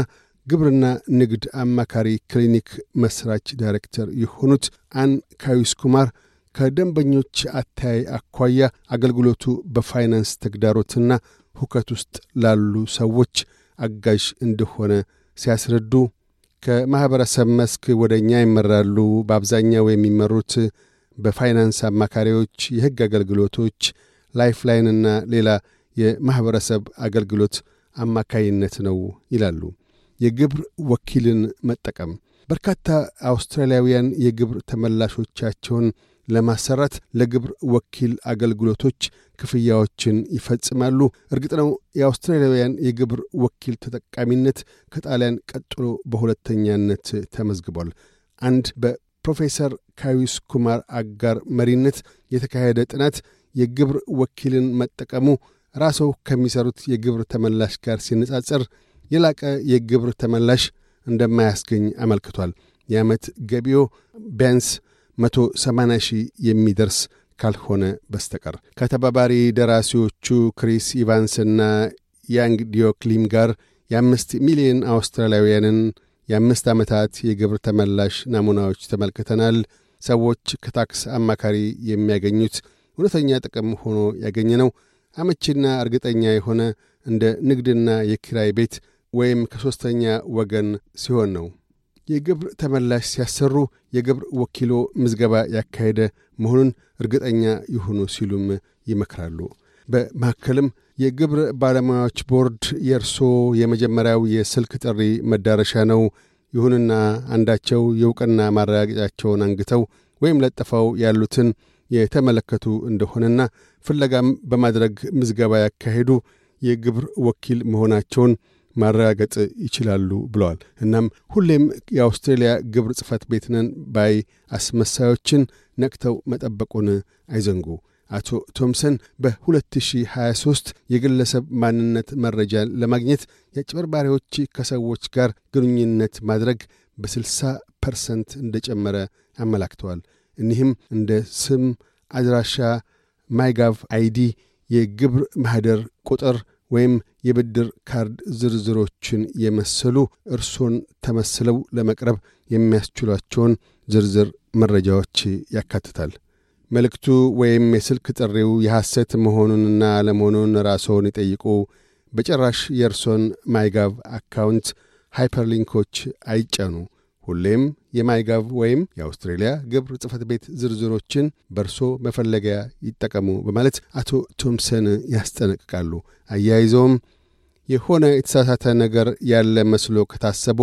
ግብርና ንግድ አማካሪ ክሊኒክ መስራች ዳይሬክተር የሆኑት አን ካዩስ ኩማር ከደንበኞች አታያይ አኳያ አገልግሎቱ በፋይናንስ ተግዳሮትና ሁከት ውስጥ ላሉ ሰዎች አጋዥ እንደሆነ ሲያስረዱ ከማኅበረሰብ መስክ ወደ እኛ ይመራሉ። በአብዛኛው የሚመሩት በፋይናንስ አማካሪዎች፣ የሕግ አገልግሎቶች፣ ላይፍላይንና ሌላ የማኅበረሰብ አገልግሎት አማካይነት ነው ይላሉ። የግብር ወኪልን መጠቀም በርካታ አውስትራሊያውያን የግብር ተመላሾቻቸውን ለማሰራት ለግብር ወኪል አገልግሎቶች ክፍያዎችን ይፈጽማሉ። እርግጥ ነው የአውስትራሊያውያን የግብር ወኪል ተጠቃሚነት ከጣሊያን ቀጥሎ በሁለተኛነት ተመዝግቧል። አንድ በፕሮፌሰር ካዊስ ኩማር አጋር መሪነት የተካሄደ ጥናት የግብር ወኪልን መጠቀሙ ራሰው ከሚሰሩት የግብር ተመላሽ ጋር ሲነጻጽር የላቀ የግብር ተመላሽ እንደማያስገኝ አመልክቷል። የዓመት ገቢው ቢያንስ 180 ሺህ የሚደርስ ካልሆነ በስተቀር ከተባባሪ ደራሲዎቹ ክሪስ ኢቫንስና ያንግ ዲዮክሊም ጋር የአምስት ሚሊዮን አውስትራሊያውያንን የአምስት ዓመታት የግብር ተመላሽ ናሙናዎች ተመልክተናል። ሰዎች ከታክስ አማካሪ የሚያገኙት እውነተኛ ጥቅም ሆኖ ያገኘ ነው አመቺና እርግጠኛ የሆነ እንደ ንግድና የኪራይ ቤት ወይም ከሦስተኛ ወገን ሲሆን ነው። የግብር ተመላሽ ሲያሰሩ የግብር ወኪሎ ምዝገባ ያካሄደ መሆኑን እርግጠኛ ይሁኑ ሲሉም ይመክራሉ። በመካከልም የግብር ባለሙያዎች ቦርድ የእርሶ የመጀመሪያው የስልክ ጥሪ መዳረሻ ነው። ይሁንና አንዳቸው የእውቅና ማረጋገጫቸውን አንግተው ወይም ለጥፈው ያሉትን የተመለከቱ እንደሆነና ፍለጋም በማድረግ ምዝገባ ያካሄዱ የግብር ወኪል መሆናቸውን ማረጋገጥ ይችላሉ ብለዋል። እናም ሁሌም የአውስትሬልያ ግብር ጽፈት ቤት ነን ባይ አስመሳዮችን ነቅተው መጠበቁን አይዘንጉ። አቶ ቶምሰን በ2023 የግለሰብ ማንነት መረጃን ለማግኘት የአጭበርባሪዎች ከሰዎች ጋር ግንኙነት ማድረግ በ60 ፐርሰንት እንደጨመረ አመላክተዋል። እኒህም እንደ ስም፣ አድራሻ፣ ማይጋቭ አይዲ፣ የግብር ማህደር ቁጥር ወይም የብድር ካርድ ዝርዝሮችን የመሰሉ እርሶን ተመስለው ለመቅረብ የሚያስችሏቸውን ዝርዝር መረጃዎች ያካትታል። መልእክቱ ወይም የስልክ ጥሪው የሐሰት መሆኑንና አለመሆኑን ራስዎን ይጠይቁ። በጭራሽ የእርሶን ማይጋቭ አካውንት ሃይፐርሊንኮች አይጫኑ። ሁሌም የማይጋቭ ወይም የአውስትሬልያ ግብር ጽህፈት ቤት ዝርዝሮችን በርሶ መፈለጊያ ይጠቀሙ በማለት አቶ ቶምሰን ያስጠነቅቃሉ። አያይዘውም የሆነ የተሳሳተ ነገር ያለ መስሎ ከታሰቦ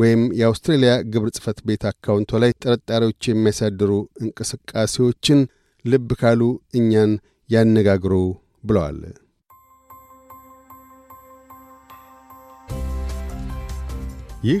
ወይም የአውስትሬልያ ግብር ጽፈት ቤት አካውንቶ ላይ ጥርጣሪዎች የሚያሳድሩ እንቅስቃሴዎችን ልብ ካሉ እኛን ያነጋግሩ ብለዋል። ይህ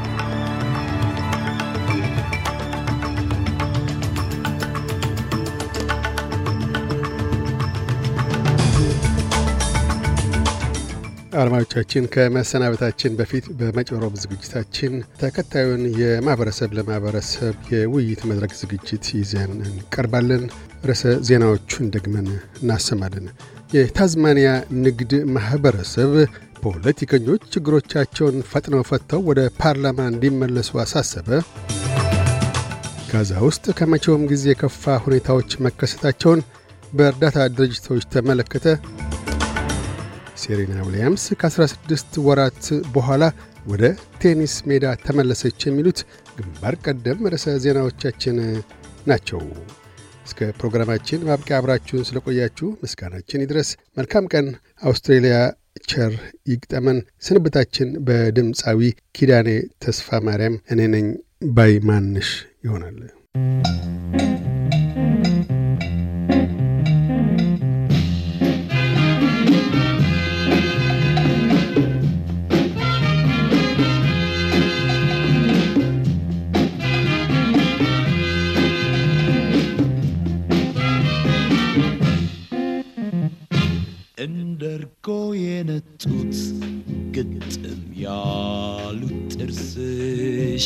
አድማጮቻችን ከመሰናበታችን በፊት በመጨረብ ዝግጅታችን ተከታዩን የማህበረሰብ ለማህበረሰብ የውይይት መድረክ ዝግጅት ይዘን እንቀርባለን። ርዕሰ ዜናዎቹን ደግመን እናሰማለን። የታዝማኒያ ንግድ ማህበረሰብ ፖለቲከኞች ችግሮቻቸውን ፈጥነው ፈጥተው ወደ ፓርላማ እንዲመለሱ አሳሰበ። ጋዛ ውስጥ ከመቼውም ጊዜ የከፋ ሁኔታዎች መከሰታቸውን በእርዳታ ድርጅቶች ተመለከተ። ሴሬና ዊልያምስ ከ16 ወራት በኋላ ወደ ቴኒስ ሜዳ ተመለሰች የሚሉት ግንባር ቀደም ርዕሰ ዜናዎቻችን ናቸው። እስከ ፕሮግራማችን ማብቂያ አብራችሁን ስለቆያችሁ ምስጋናችን ይድረስ። መልካም ቀን። አውስትሬልያ ቸር ይግጠመን። ስንብታችን በድምፃዊ ኪዳኔ ተስፋ ማርያም እኔ ነኝ ማንሽ ይሆናል። ጡት ግጥም ያሉት ጥርስሽ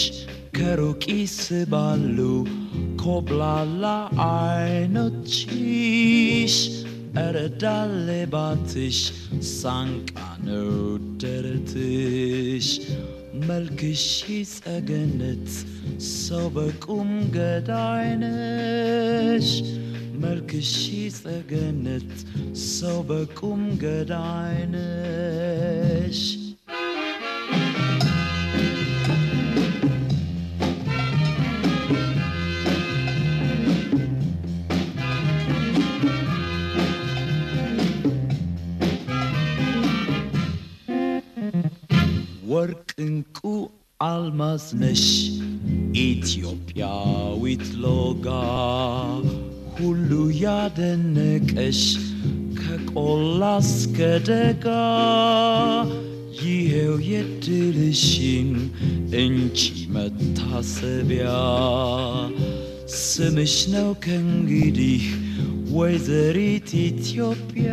ከሩቂስ ባሉ ኮብላላ አይኖችሽ እረዳሌባትሽ ሳንቃ ነው ደረትሽ መልክሽ ጸገነት ሰው በቁም ገዳይነሽ መልክሺ ሰገነት ሰው በቁም ገዳይነሽ ወርቅ እንቁ አልማዝ ነሽ ኢትዮጵያዊት ሎጋ ሁሉ ያደነቀሽ ከቆላ እስከ ደጋ ይሄው የድልሽን እንጂ መታሰቢያ ስምሽ ነው ከእንግዲህ ወይዘሪት ኢትዮጵያ